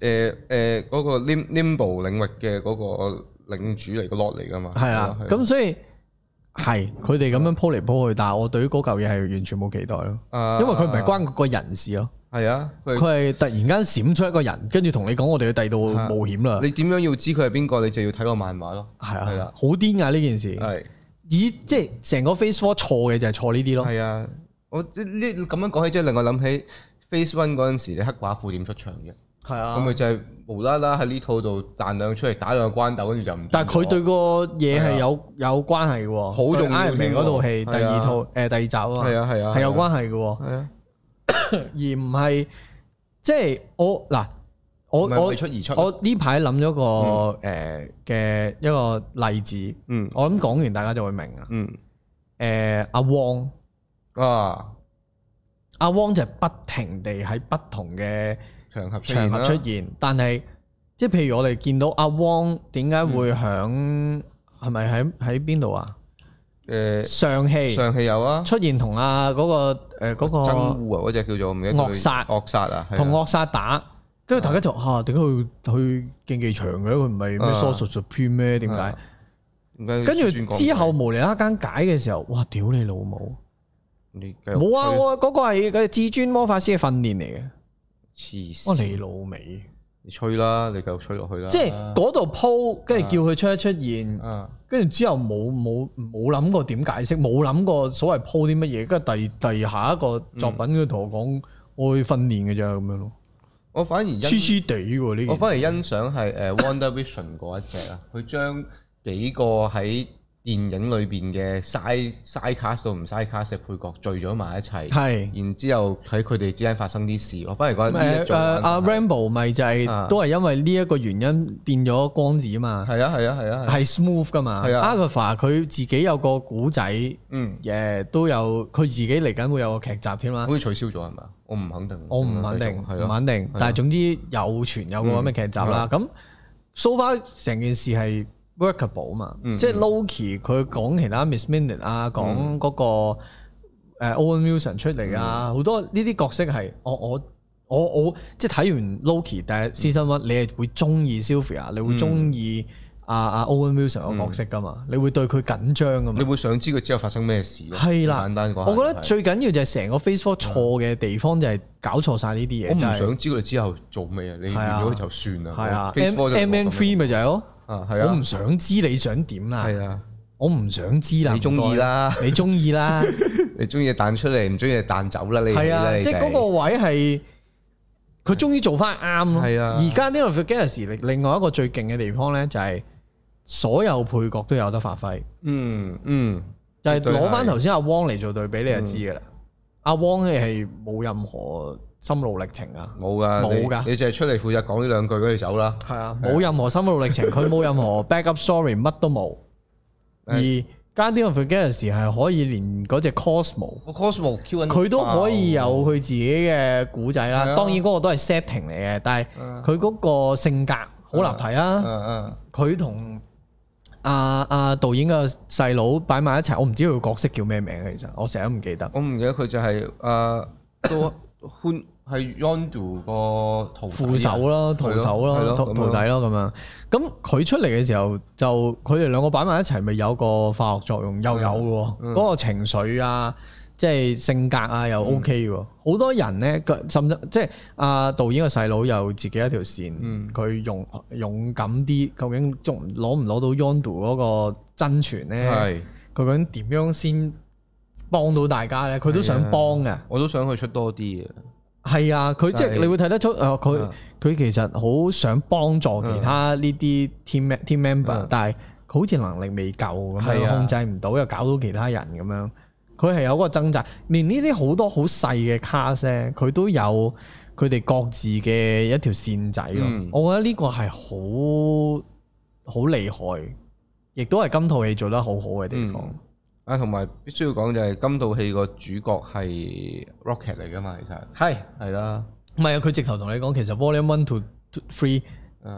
誒嗰個 Limbo 領域嘅嗰個領主嚟個落嚟噶嘛。係啊，咁所以。係，佢哋咁樣鋪嚟鋪去，但係我對於嗰嚿嘢係完全冇期待咯，啊、因為佢唔係關嗰個人事咯。係啊，佢係突然間閃出一個人，跟住同你講我哋去第二度冒險啦、啊。你點樣要知佢係邊個？你就要睇個漫畫咯。係啊，係啦、啊，好癲啊呢件事。係、啊，以即係成個 Phase Four 錯嘅就係錯呢啲咯。係啊，我呢咁樣講起即係令我諗起 Phase One 嗰陣時，黑寡婦點出場嘅。係啊，咁咪就係無啦啦喺呢套度彈兩出嚟打兩關斗，跟住就唔。但係佢對個嘢係有有關係嘅喎。好重要嘅嗰度係第二套誒第二集啊嘛，係啊係啊，係有關係嘅。係啊，而唔係即係我嗱我我我呢排諗咗個誒嘅一個例子，嗯，我諗講完大家就會明啊。嗯，誒阿汪啊阿汪就係不停地喺不同嘅。場合出現，但係即係譬如我哋見到阿汪點解會響係咪喺喺邊度啊？誒，上戲上戲有啊！出現同阿嗰個誒嗰個啊嗰隻叫做咩？惡殺惡殺啊！同惡殺打，跟住大家就吓點解去去競技場嘅？佢唔係咩 Sorcerer Supreme 咩？點解？跟住之後無厘頭間解嘅時候，哇！屌你老母！冇啊？我嗰個係嘅至尊魔法師嘅訓練嚟嘅。黐、哦、你老味，你吹啦，你繼續吹落去啦。即係嗰度 po 跟住叫佢出一出現，跟住、啊嗯啊、之後冇冇冇諗過點解釋，冇諗過所謂 po 啲乜嘢，跟住第第下一個作品佢同我講，我去訓練嘅咋咁樣咯。我反而黐黐地喎呢？我反而欣賞係誒 WandaVision 嗰 一隻啊，佢將幾個喺。電影裏邊嘅 side side cast 到唔 side cast 嘅配角聚咗埋一齊，然之後喺佢哋之間發生啲事。我反而覺得阿 Rambo 咪就係都係因為呢一個原因變咗光子啊嘛。係啊係啊係啊，係 smooth 㗎嘛。Agatha 佢自己有個古仔，誒都有佢自己嚟緊會有個劇集添啊。好似取消咗係嘛？我唔肯定，我唔肯定，唔肯定。但係總之有傳有個咁嘅劇集啦。咁 Super 成件事係 workable 嘛，即係 Loki 佢講其他 Miss Minutes 啊，講嗰個誒 Owen Wilson 出嚟啊，好多呢啲角色係我我我我即係睇完 Loki，但係《獅心 One》你係會中意 Sylvia，你會中意啊阿 Owen Wilson 個角色噶嘛？你會對佢緊張噶嘛？你會想知佢之後發生咩事咯？係啦，簡單講，我覺得最緊要就係成個 Facebook 錯嘅地方就係搞錯晒呢啲嘢。我唔想知佢之後做咩啊？你完咗就算啦。係啊，M M N Three 咪就係咯。啊，係們啊！我唔想知你想點啦，我唔想知啦。你中意啦，你中意啦。你中意彈出嚟，唔中意彈走啦。你係啊，即係嗰個位係佢終於做翻啱係啊，而家呢個 Ferguson 另外一個最勁嘅地方咧，就係所有配角都有得發揮。嗯。嗯嗯，就係攞翻頭先阿汪嚟做對比，你就知噶啦。阿汪咧係冇任何心路歷程啊，冇噶，冇噶，你淨係出嚟負責講呢兩句，跟住走啦。係啊，冇任何心路歷程，佢冇任何 back up sorry，乜都冇。而 Guardians of the Galaxy 係可以連嗰隻 cosmo，cosmo，佢都可以有佢自己嘅古仔啦。當然嗰個都係 setting 嚟嘅，但係佢嗰個性格好難睇啊。佢同阿阿導演嘅細佬擺埋一齊，我唔知佢個角色叫咩名，其實我成日都唔記得。我唔記得佢就係阿係 Yondu 個徒弟，副手啦，徒手啦，徒弟啦咁樣。咁佢出嚟嘅時候，就佢哋兩個擺埋一齊，咪有個化學作用又有嘅。嗰個情緒啊，即係性格啊，又 OK 嘅。好多人咧，甚至即係阿導演個細佬又自己一條線，佢勇勇敢啲。究竟仲攞唔攞到 Yondu 嗰個真傳咧？係，究竟點樣先幫到大家咧？佢都想幫嘅，我都想佢出多啲嘅。係啊，佢即係是你會睇得出，誒、哦，佢佢、啊、其實好想幫助其他呢啲 team team member，、啊、但係佢好似能力未夠咁樣，啊、控制唔到又搞到其他人咁樣，佢係有嗰個掙扎。連呢啲好多好細嘅卡士，佢都有佢哋各自嘅一條線仔咯。啊、我覺得呢個係好好厲害，亦都係今套戲做得好好嘅地方。啊，同埋必須要講就係今套戲個主角係 Rocket 嚟噶嘛是的，其實係係啦，唔係啊，佢直頭同你講，其實 Volume One、Two、Three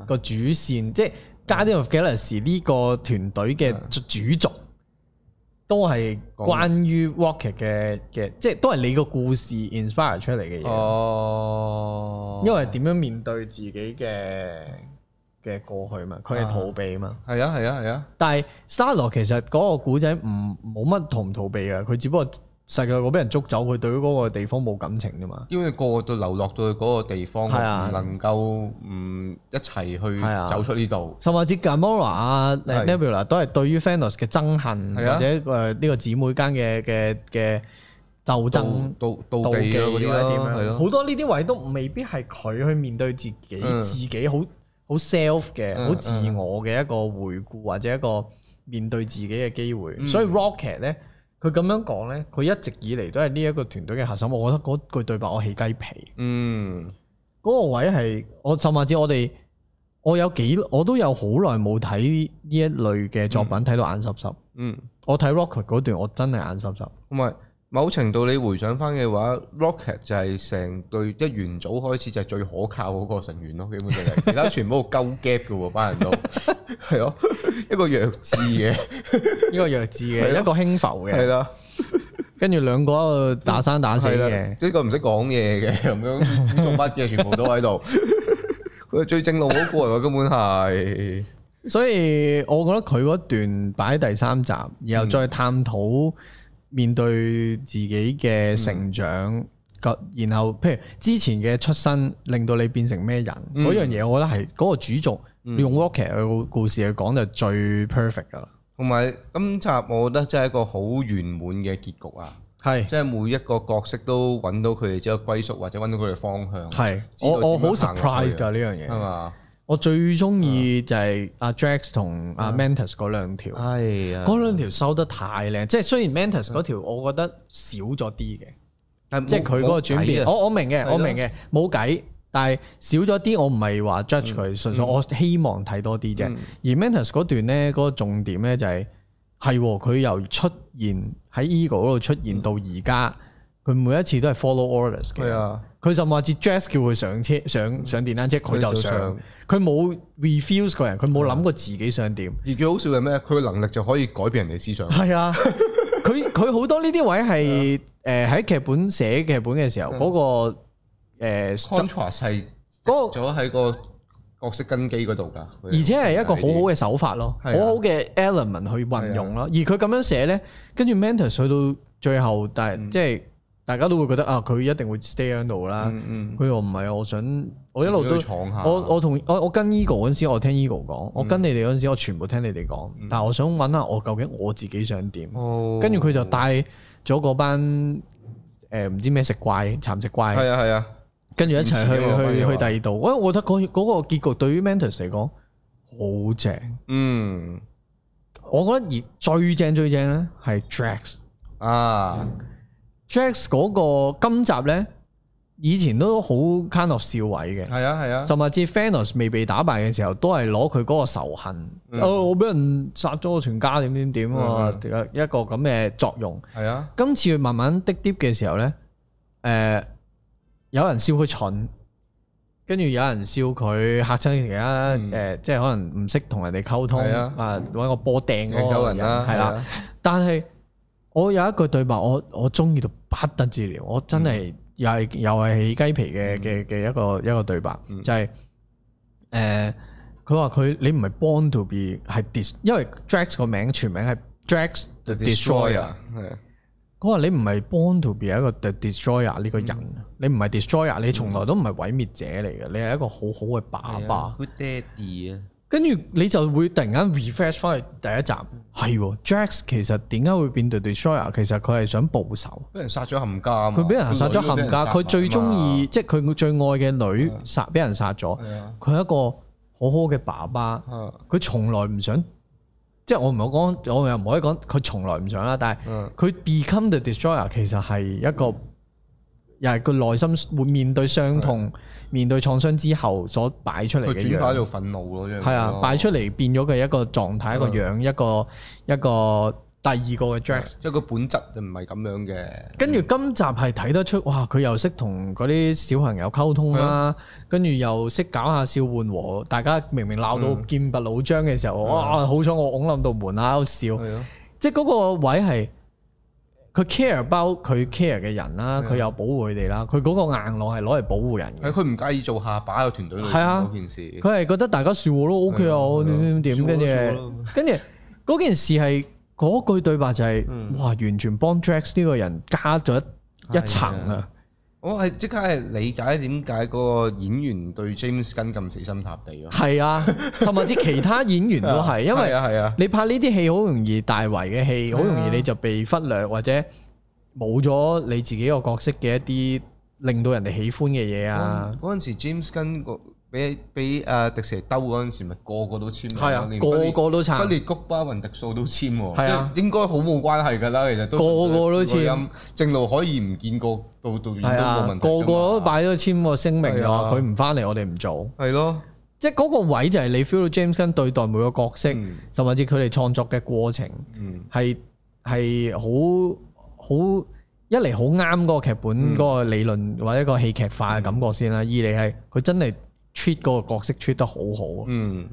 個主線，即係加啲 of Galaxy 呢個團隊嘅主軸，都係關於 Rocket 嘅嘅說，即係都係你個故事 inspire 出嚟嘅嘢，哦、啊，因為點樣面對自己嘅。嘅過去嘛，佢係逃避嘛，係啊係啊係啊！但係莎羅其實嗰個古仔唔冇乜逃唔逃避嘅，佢只不過實在我俾人捉走，佢對於嗰個地方冇感情啫嘛。因為個個都流落到去嗰個地方，唔能夠嗯一齊去走出呢度。甚至近 Gamora 啊，誒 Nebula 都係對於 Thanos 嘅憎恨，或者誒呢個姊妹間嘅嘅嘅鬥爭、妒妒忌嗰啲啦，好多呢啲位都未必係佢去面對自己，自己好。好 self 嘅，好自我嘅一個回顧或者一個面對自己嘅機會。嗯、所以 Rocket 咧，佢咁樣講咧，佢一直以嚟都係呢一個團隊嘅核心。我覺得嗰句對白我起雞皮。嗯，嗰個位係我甚至我哋我有幾我都有好耐冇睇呢一類嘅作品，睇到、嗯、眼濕濕。嗯，我睇 Rocket 嗰段，我真係眼濕濕。唔係。某程度你回想翻嘅話，Rocket 就係成對一元組開始就係最可靠嗰個成員咯，基本上，其他全部都勾夾嘅喎，班 人都係咯、啊，一個弱智嘅， 一個弱智嘅， 啊、一個輕浮嘅，係啦、啊，跟住兩個打生打死即呢、啊啊這個唔識講嘢嘅咁樣做乜嘢，全部都喺度，佢係 最正路嗰個嚟，我根本係，所以我覺得佢嗰段擺第三集，然後再探討、嗯。面對自己嘅成長，嗯、然後譬如之前嘅出身令到你變成咩人嗰樣嘢，嗯、我覺得係嗰、嗰個主軸、嗯、用 Rocket 嘅故事去講就最 perfect 噶啦。同埋今集我覺得真係一個好圓滿嘅結局啊！係是，即係每一個角色都揾到佢哋只有歸屬或者揾到佢哋嘅方向。係是知道，我如何 我好 surprise 噶呢樣嘢。我最中意就係阿 Drax 同阿 Mantis 嗰兩條，嗰、哎、呀兩條收得太靚，即係雖然 Mantis 嗰條我覺得少咗啲嘅，但沒即係佢嗰個轉變，我我明嘅，我明嘅，冇計了，但係少咗啲我唔係話 judge 佢，嗯、純粹我希望睇多啲啫。嗯、而 Mantis 嗰段咧，嗰、嗰個重點咧就係係佢由出現喺 Ego a 嗰度出現到而家。嗯嗯佢每一次都係 follow orders 嘅，佢就話至 dress 叫佢上車上上電單車，佢就上，佢冇 refuse 個人，佢冇諗過自己想點。而最好笑係咩？佢嘅能力就可以改變人哋思想。係啊，佢佢好多呢啲位係誒喺劇本寫劇本嘅時候嗰個 contrast 係嗰個咗喺個角色根基嗰度噶。而且係一個好好嘅手法咯，好好嘅 element 去運用咯。而佢咁樣寫咧，跟住 Mantis 去到最後，但係即係。大家都會覺得啊，佢一定會 stay 喺度啦。佢話唔係啊，我想我一路都我我同我我跟 Eagle 嗰陣時，我聽 Eagle 講，我跟你哋嗰陣時，我全部聽你哋講。但係我想揾下我究竟我自己想點。跟住佢就帶咗嗰班誒唔知咩食怪、慘食怪。係啊係啊，跟住一齊去去去第二度。我覺得嗰嗰個結局對於 Mantis 嚟講好正。嗯，我覺得而最正最正咧係 Drax 啊！Jax 嗰個今集咧，以前都好 kind of 笑位嘅，係啊係啊，甚至 Thanos 未被打敗嘅時候，都係攞佢嗰個仇恨，哦，我俾人殺咗我全家，點點點啊，一個一個咁嘅作用。係啊，今次佢慢慢滴滴嘅時候咧，誒，有人笑佢蠢，跟住有人笑佢嚇親而家誒，即係可能唔識同人哋溝通啊，揾個波掟嘅人啦，係啦，但係。我有一句對白我，我我中意到不得了，我真係又係又係起雞皮嘅嘅嘅一個一個對白，嗯、就係、是、誒，佢話佢你唔係 born to be，係 dis 因為 Drax 個名全名係 Drax the Destroyer，佢話你唔係 born to be 一個 the Destroyer 呢個人，嗯、你唔係 Destroyer，你從來都唔係毀滅者嚟嘅，嗯、你係一個好好嘅爸爸。嗯跟住你就會突然間 refresh 翻去第一集。係 Drax 其實點解會變到 Destroyer？其實佢係想報仇，俾人殺咗冚家，家。佢俾人殺咗冚家，佢最中意，即係佢最愛嘅女殺，俾人殺咗。佢的一個好好嘅爸爸，佢的從來唔想，即係的我唔好講，我又唔可以講，佢從來唔想啦。但係佢 become the Destroyer 其實係一個，又係佢內心會面對傷痛。面對創傷之後所擺出嚟嘅樣，佢轉化做憤怒咯，即係，係啊，擺出嚟變咗嘅一個狀態、啊，一個樣，一個一個第二個嘅 dress，即係個本質就唔係咁樣嘅。跟住今集係睇得出，哇！佢又識同嗰啲小朋友溝通啦，啊、跟住又識搞下笑緩和，大家明明鬧到劍拔弩張嘅時候，哇、嗯！啊、好彩我拱冧到門口笑。啊啊、即係嗰個位係。佢 care 包佢 care 嘅人啦，佢的有保護佢哋啦。佢嗰個硬朗係攞嚟保護人嘅。佢唔介意做下巴，嘅團隊嚟。係啊，件事。佢係覺得大家説我都 OK 啊的，點點點點，跟住，跟住嗰件事係嗰句對白就係、是， 哇！完全幫 Drax 呢個人加咗一，的一層啊。我係即刻係理解點解嗰個演員對 James Gunn 咁死心塌地咯。係啊，甚至其他演員都係， 啊、因為你拍呢啲戲好容易大圍嘅戲，好容易你就被忽略、啊、或者冇咗你自己個角色嘅一啲令到人哋喜歡嘅嘢啊。嗰陣、嗯、時 James Gunn 俾俾誒迪士尼兜嗰陣時，咪個個都簽，個個都撐。不列谷巴雲迪素都簽喎，即係應該好冇關係㗎啦。其實個個都簽，正路可以唔見過導導演都冇問題。個個都擺咗簽個聲明，話佢唔翻嚟，我哋唔做。係咯，即係嗰個位就係你 feel 到 James Gunn 對待每個角色，甚至佢哋創作嘅過程，係係好好，一嚟好啱嗰個劇本嗰個理論或者個戲劇化嘅感覺先啦。二嚟係佢真係。Treat 嗰個角色 Treat 得好好啊！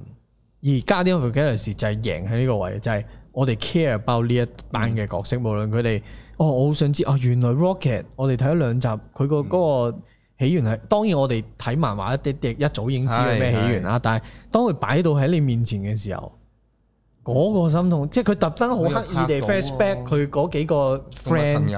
而家啲我覺得有時就係贏喺呢個位，就係我哋 care about 呢一班嘅角色，無論佢哋哦，我好想知哦，原來 Rocket，我哋睇咗兩集，佢個嗰個起源係，當然我哋睇漫畫一啲啲一早已經知道咩起源啦，係係但係當佢擺到喺你面前嘅時候。嗰個心痛，即係佢特登好刻意地 flashback 佢嗰幾個 friend，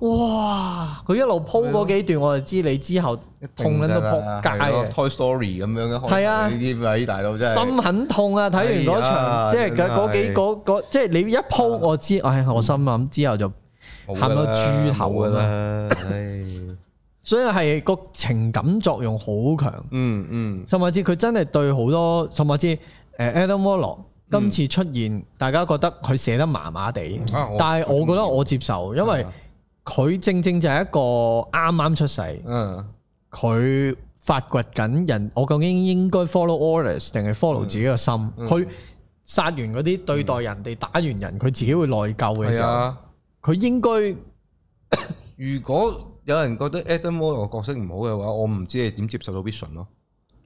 哇！佢一路鋪嗰幾段，我就知你之後痛到撲街啊！Toy Story 咁樣嘅，係啊！呢啲位大佬真係心很痛啊！睇完嗰場，即係嗰嗰幾嗰嗰，即係你一鋪我知，唉，我心諗之後就喊到豬頭噶啦！所以係個情感作用好強，嗯嗯。甚至佢真係對好多，甚至誒 Adam Warlock。今次出現，嗯、大家覺得佢寫得麻麻地，啊、但係我覺得我接受，嗯、因為佢正正就係一個啱啱出世，佢、嗯、發掘緊人，我究竟應該 follow orders 定係 follow 自己個心？佢、嗯、殺完嗰啲對待人哋、嗯、打完人，佢自己會內疚嘅時候，佢、嗯嗯、應該如果有人覺得 Adam Warlock 嘅角色唔好嘅話，我唔知你點接受到 Vision 咯。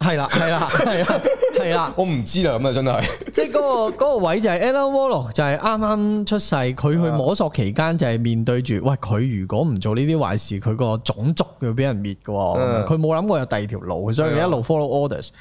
係啦，係啦，係啦，係啦。 我唔知啦，咁啊，真係。即係嗰、嗰個、嗰個位就係 Adam Warlock 就係啱啱出世，佢去摸索期間就係面對住，喂，佢如果唔做呢啲壞事，佢個種族要俾人滅噶。佢冇諗過有第二條路，所以一路 follow orders。 的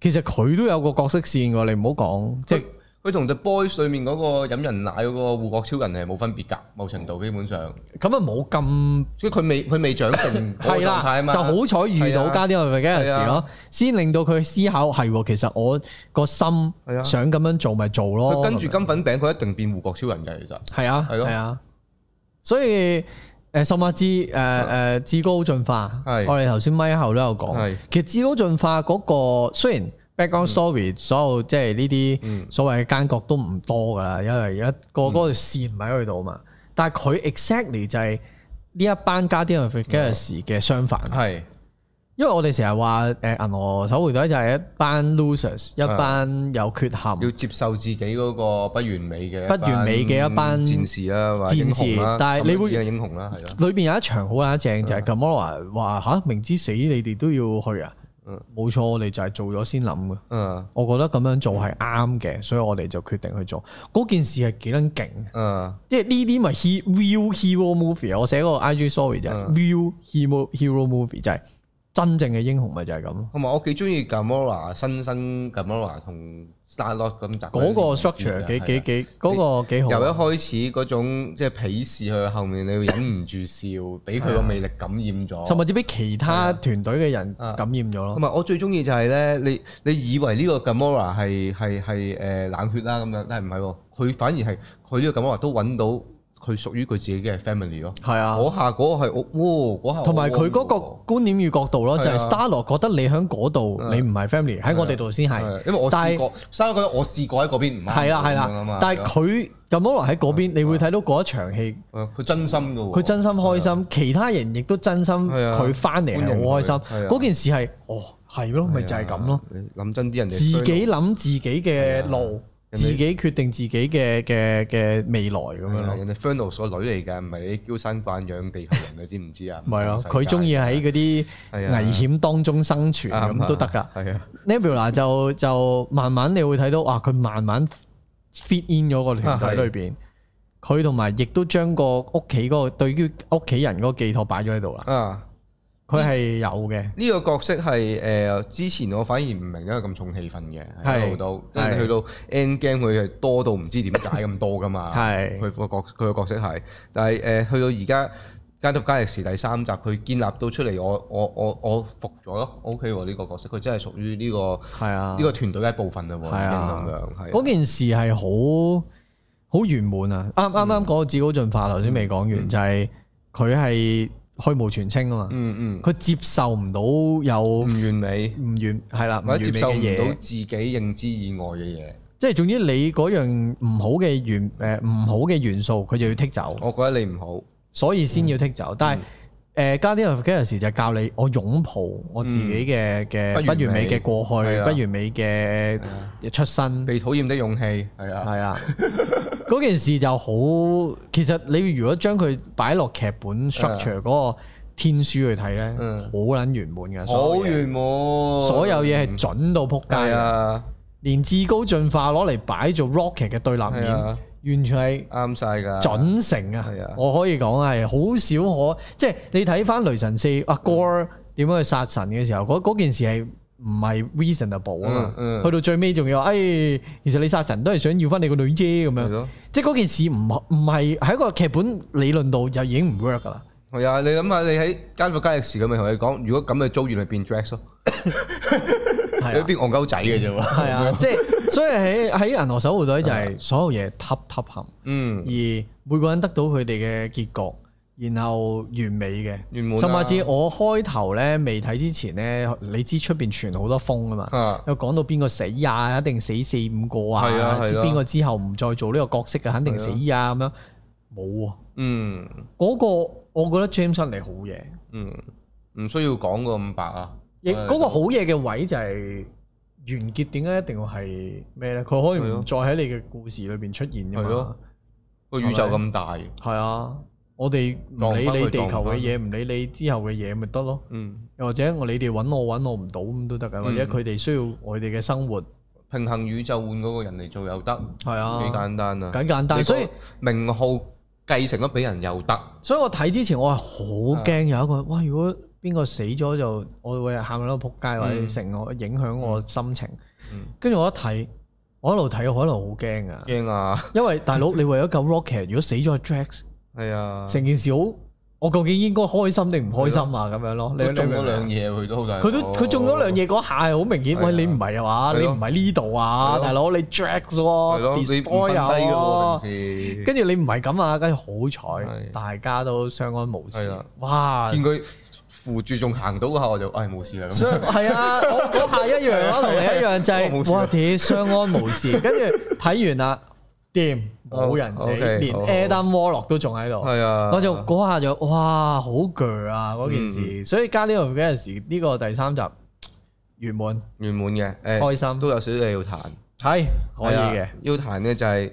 其實佢都有個角色線噶，你唔好講，即係。佢同 The Boys 裏面嗰個飲人奶嗰個護國超人係冇分別㗎，某程度基本上。咁啊冇咁，即佢未佢未長定個狀態啊，就好彩遇到加啲外賣嘅事咯，先令到佢思考係，其實我個心想咁樣做咪做咯。跟住金粉餅，佢一定變護國超人嘅，其實係啊，係啊。所以誒，神馬志誒誒至高進化，我哋頭先咪後都有講。其實至高進化嗰個雖然。Background story，嗯、所有即係呢啲所謂嘅奸角都唔多噶啦，因為一個嗰個線唔喺佢度嘛。嗯、但係佢 exactly 就係呢一班加啲嘅相反。係、嗯，因為我哋成日話誒銀河守護隊就係一班 losers，嗯、一班有缺陷，要接受自己嗰個不完美嘅，不完美嘅一班戰士啊，戰士。戰士但係你會，英雄啦，係啊，裏邊有一場好啊正，就係 Gamora 話嚇，明知死你哋都要去啊！冇錯，我哋就係做咗先諗嘅。嗯，我覺得咁樣做係啱嘅，所以我哋就決定去做。嗰件事係幾撚勁。嗯，即係呢啲咪 hero real hero movie 啊！我寫嗰個 IG sorry 就係 real hero hero movie 就係、是。真正嘅英雄咪就係咁咯，同埋我幾中意 Gamora 新生 Gamora 同 s t a 沙洛咁集，嗰個 structure 幾幾幾嗰個幾好，由一開始嗰種即係鄙視佢，後面你忍唔住笑，俾佢個魅力感染咗，甚至俾其他團隊嘅人感染咗咯。同埋、啊啊、我最中意就係、是、咧，你你以為呢個 Gamora 係係係誒冷血啦咁樣，但係唔係喎，佢反而係佢呢個 Gamora 都揾到。佢屬於佢自己嘅 family 咯，係啊，下嗰個係，同埋佢嗰個觀點與角度咯，就係 Star 羅覺得你喺嗰度，你唔係 family，喺我哋度先係。因為我試過，Star 羅覺得我試過喺嗰邊唔係。係啦係啦，但係佢咁可能喺嗰邊，你會睇到嗰一場戲，佢真心嘅喎，佢真心開心，其他人亦都真心，佢翻嚟好開心，嗰件事係，哦，係咯，咪就係咁咯。諗真啲人哋自己諗自己嘅路。自己決定自己嘅嘅嘅未來咁樣咯。人哋 Thanos 個女嚟嘅，唔係啲嬌生慣養地球人， 你知唔知 啊？唔係咯，佢中意喺嗰啲危險當中生存咁都得噶。啊、Nebula 就就慢慢你會睇到，哇！佢慢慢 fit in 咗個團隊裏邊，佢同埋亦都將個屋企嗰個對於屋企人嗰個寄託擺咗喺度啦。啊佢係有嘅，呢個角色係誒、呃、之前我反而唔明點解咁重氣氛嘅，一路都跟住去到 end game 佢係多到唔知點解咁多噶嘛。係佢個角佢個角色係， 是但係誒去到而家《街督加力士》第三集，佢建立到出嚟，我我我我服咗咯。OK 喎、啊，呢、這個角色佢真係屬於呢、這個係啊，呢個團隊一部分啦喎。係啊，咁樣係。啊、件事係好好圓滿啊！啱啱啱講到《至高進化》，頭先未講完，就係佢係。嗯嗯嗯虛無全清啊嘛，嗯嗯，佢接受唔到有唔完美、唔 完係啦，唔接受到自己認知以外嘅嘢，即係總之你，你嗰樣唔好嘅元誒唔好嘅元素，佢就要剔走。我覺得你唔好，所以先要剔走，嗯、但係是。嗯誒加啲人嗰件事就教你我擁抱我自己嘅嘅不完美嘅過去，不完美嘅出身。被討厭的勇氣，係啊係啊，嗰件事就好。其實你如果將佢擺落劇本 structure 嗰個天書去睇咧，好撚圓滿嘅，好圓滿。所有嘢係準到撲街啊！連至高進化攞嚟擺做 Rocket 嘅對立面。完全係啱晒㗎，準成啊！係啊，我可以講係好少可，即係你睇翻《雷神四》啊，Gorr 點樣去殺神嘅時候，嗰件事係唔係 reasonable 啊嘛？去到最尾仲要，哎，其實你殺神都係想要翻你個女啫咁樣，係啊，即係嗰件事唔唔係喺個劇本理論度又已經唔 work 㗎啦。係啊，你諗下，你喺《奸夫奸妻》時，咁咪同你講，如果咁嘅遭遇係變 dress 咯，有啲戇鳩仔嘅啫喎。係啊，即係。即係所以喺喺銀河守護隊就係所有嘢塔塔陷嗯，而每個人得到佢哋嘅結局，然後完美嘅，美甚至我開頭咧未睇之前咧，你知出邊傳好多風㗎嘛，又講的到邊個死啊，一定死四五個啊，係啊邊個之後唔再做呢個角色嘅，肯定死啊咁的樣，冇啊，嗯，嗰個我覺得 James 出嚟好嘢。嗯，唔需要講個咁白啊，亦嗰個好嘢嘅位就係、是。完結點解一定要係咩咧？佢可以唔再喺你嘅故事裏邊出現噶嘛？個的吧宇宙咁大，係啊！我哋唔理你地球嘅嘢，唔理你之後嘅嘢，咪得咯。嗯，又或者你找我你哋揾我揾我唔到咁都得㗎，嗯、或者佢哋需要我哋嘅生活平衡宇宙換嗰個人嚟做又得。係啊的，幾簡單啊，幾簡，簡單。所以名號繼承咗俾人又得。所以我睇之前我係好驚有一個、嗯、哇，如果～邊個死咗就我會喊到撲街，或者成個影響我心情。跟住我一睇，我一路睇，我一路好驚啊！驚啊！因為大佬，你為咗救 Rocket，如果死咗，Drax 係啊，成件事好，我究竟應該開心定唔開心啊？咁樣咯，你中咗兩嘢，佢都好大。佢都佢中咗兩嘢，嗰下係好明顯。喂，你唔係啊嘛，你唔係呢度啊，大佬，你 Drax 喎，disco 有喎，跟住你唔係咁啊，跟住好彩，大家都相安無事。哇！見佢。扶住仲行到下我就，唉，冇事啦。係啊，我下一樣，我同你一樣就係，冇跌相安無事，跟住睇完啦，掂冇人死，連 Adam Warlock 都仲喺度。係啊，我就嗰下就，哇！好攰啊嗰件事，所以加呢度嗰陣時，呢個第三集完滿，完滿嘅，開心都有少少要彈，係可以嘅。要彈呢就係。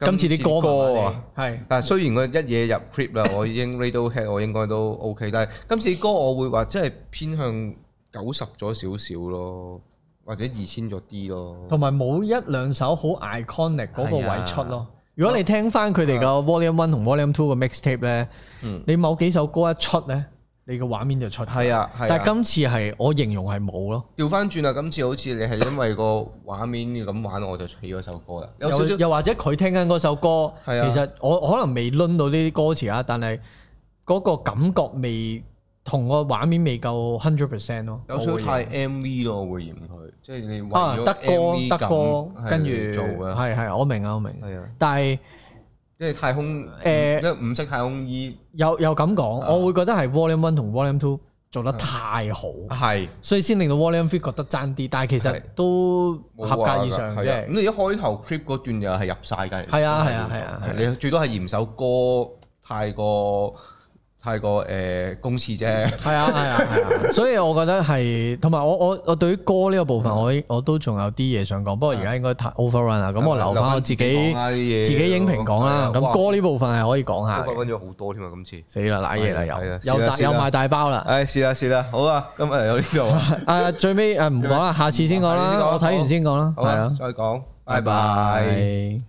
今次啲歌啊，係，但係雖然我一嘢入 Creep 啦， 我已經 Radiohead，我應該都 OK。但係今次啲歌，我會話真係偏向九十咗少少咯，或者二千咗啲咯。同埋冇一兩首好 iconic 嗰個位出咯。啊、如果你聽翻佢哋個 Volume One 同 Volume Two 嘅 mixtape 咧，嗯、你某幾首歌一出咧。你個畫面就出係啊，但係今次係我形容係冇咯。調翻轉啊，今次好似你係因為個畫面咁玩，我就起嗰首歌啦。有少少，又或者佢聽緊嗰首歌，其實我可能未拎到呢啲歌詞啊，但係嗰個感覺未同個畫面未夠 hundred percent 咯。有少少太 MV 咯，會嫌佢，即係你啊，得歌得歌，跟住做嘅。係係，我明啊，我明。係啊，但係。即係太空，誒、呃，即係五色太空衣，有有咁講，的我會覺得係 Volume One 同 Volume Two 做得太好，係的，所以先令到 Volume Three 覺得爭啲，但係其實都合格以上，即係咁。你一開頭 clip 嗰段又係入曬嘅，係啊係啊係啊，你最多係嫌首歌太過。太過誒公廁啫，係啊係啊係啊，所以我覺得係同埋我我我對於歌呢個部分，我我都仲有啲嘢想講，不過而家應該太 overrun 啦，咁我留翻我自己自己影評講啦。咁歌呢部分係可以講下，分咗好多添啊！今次死啦，瀨嘢啦又又大賣大包啦，誒是啦是啦，好啊，今日就呢度啊，誒最尾誒唔講啦，下次先講啦，我睇完先講啦，係啊，再講，拜拜。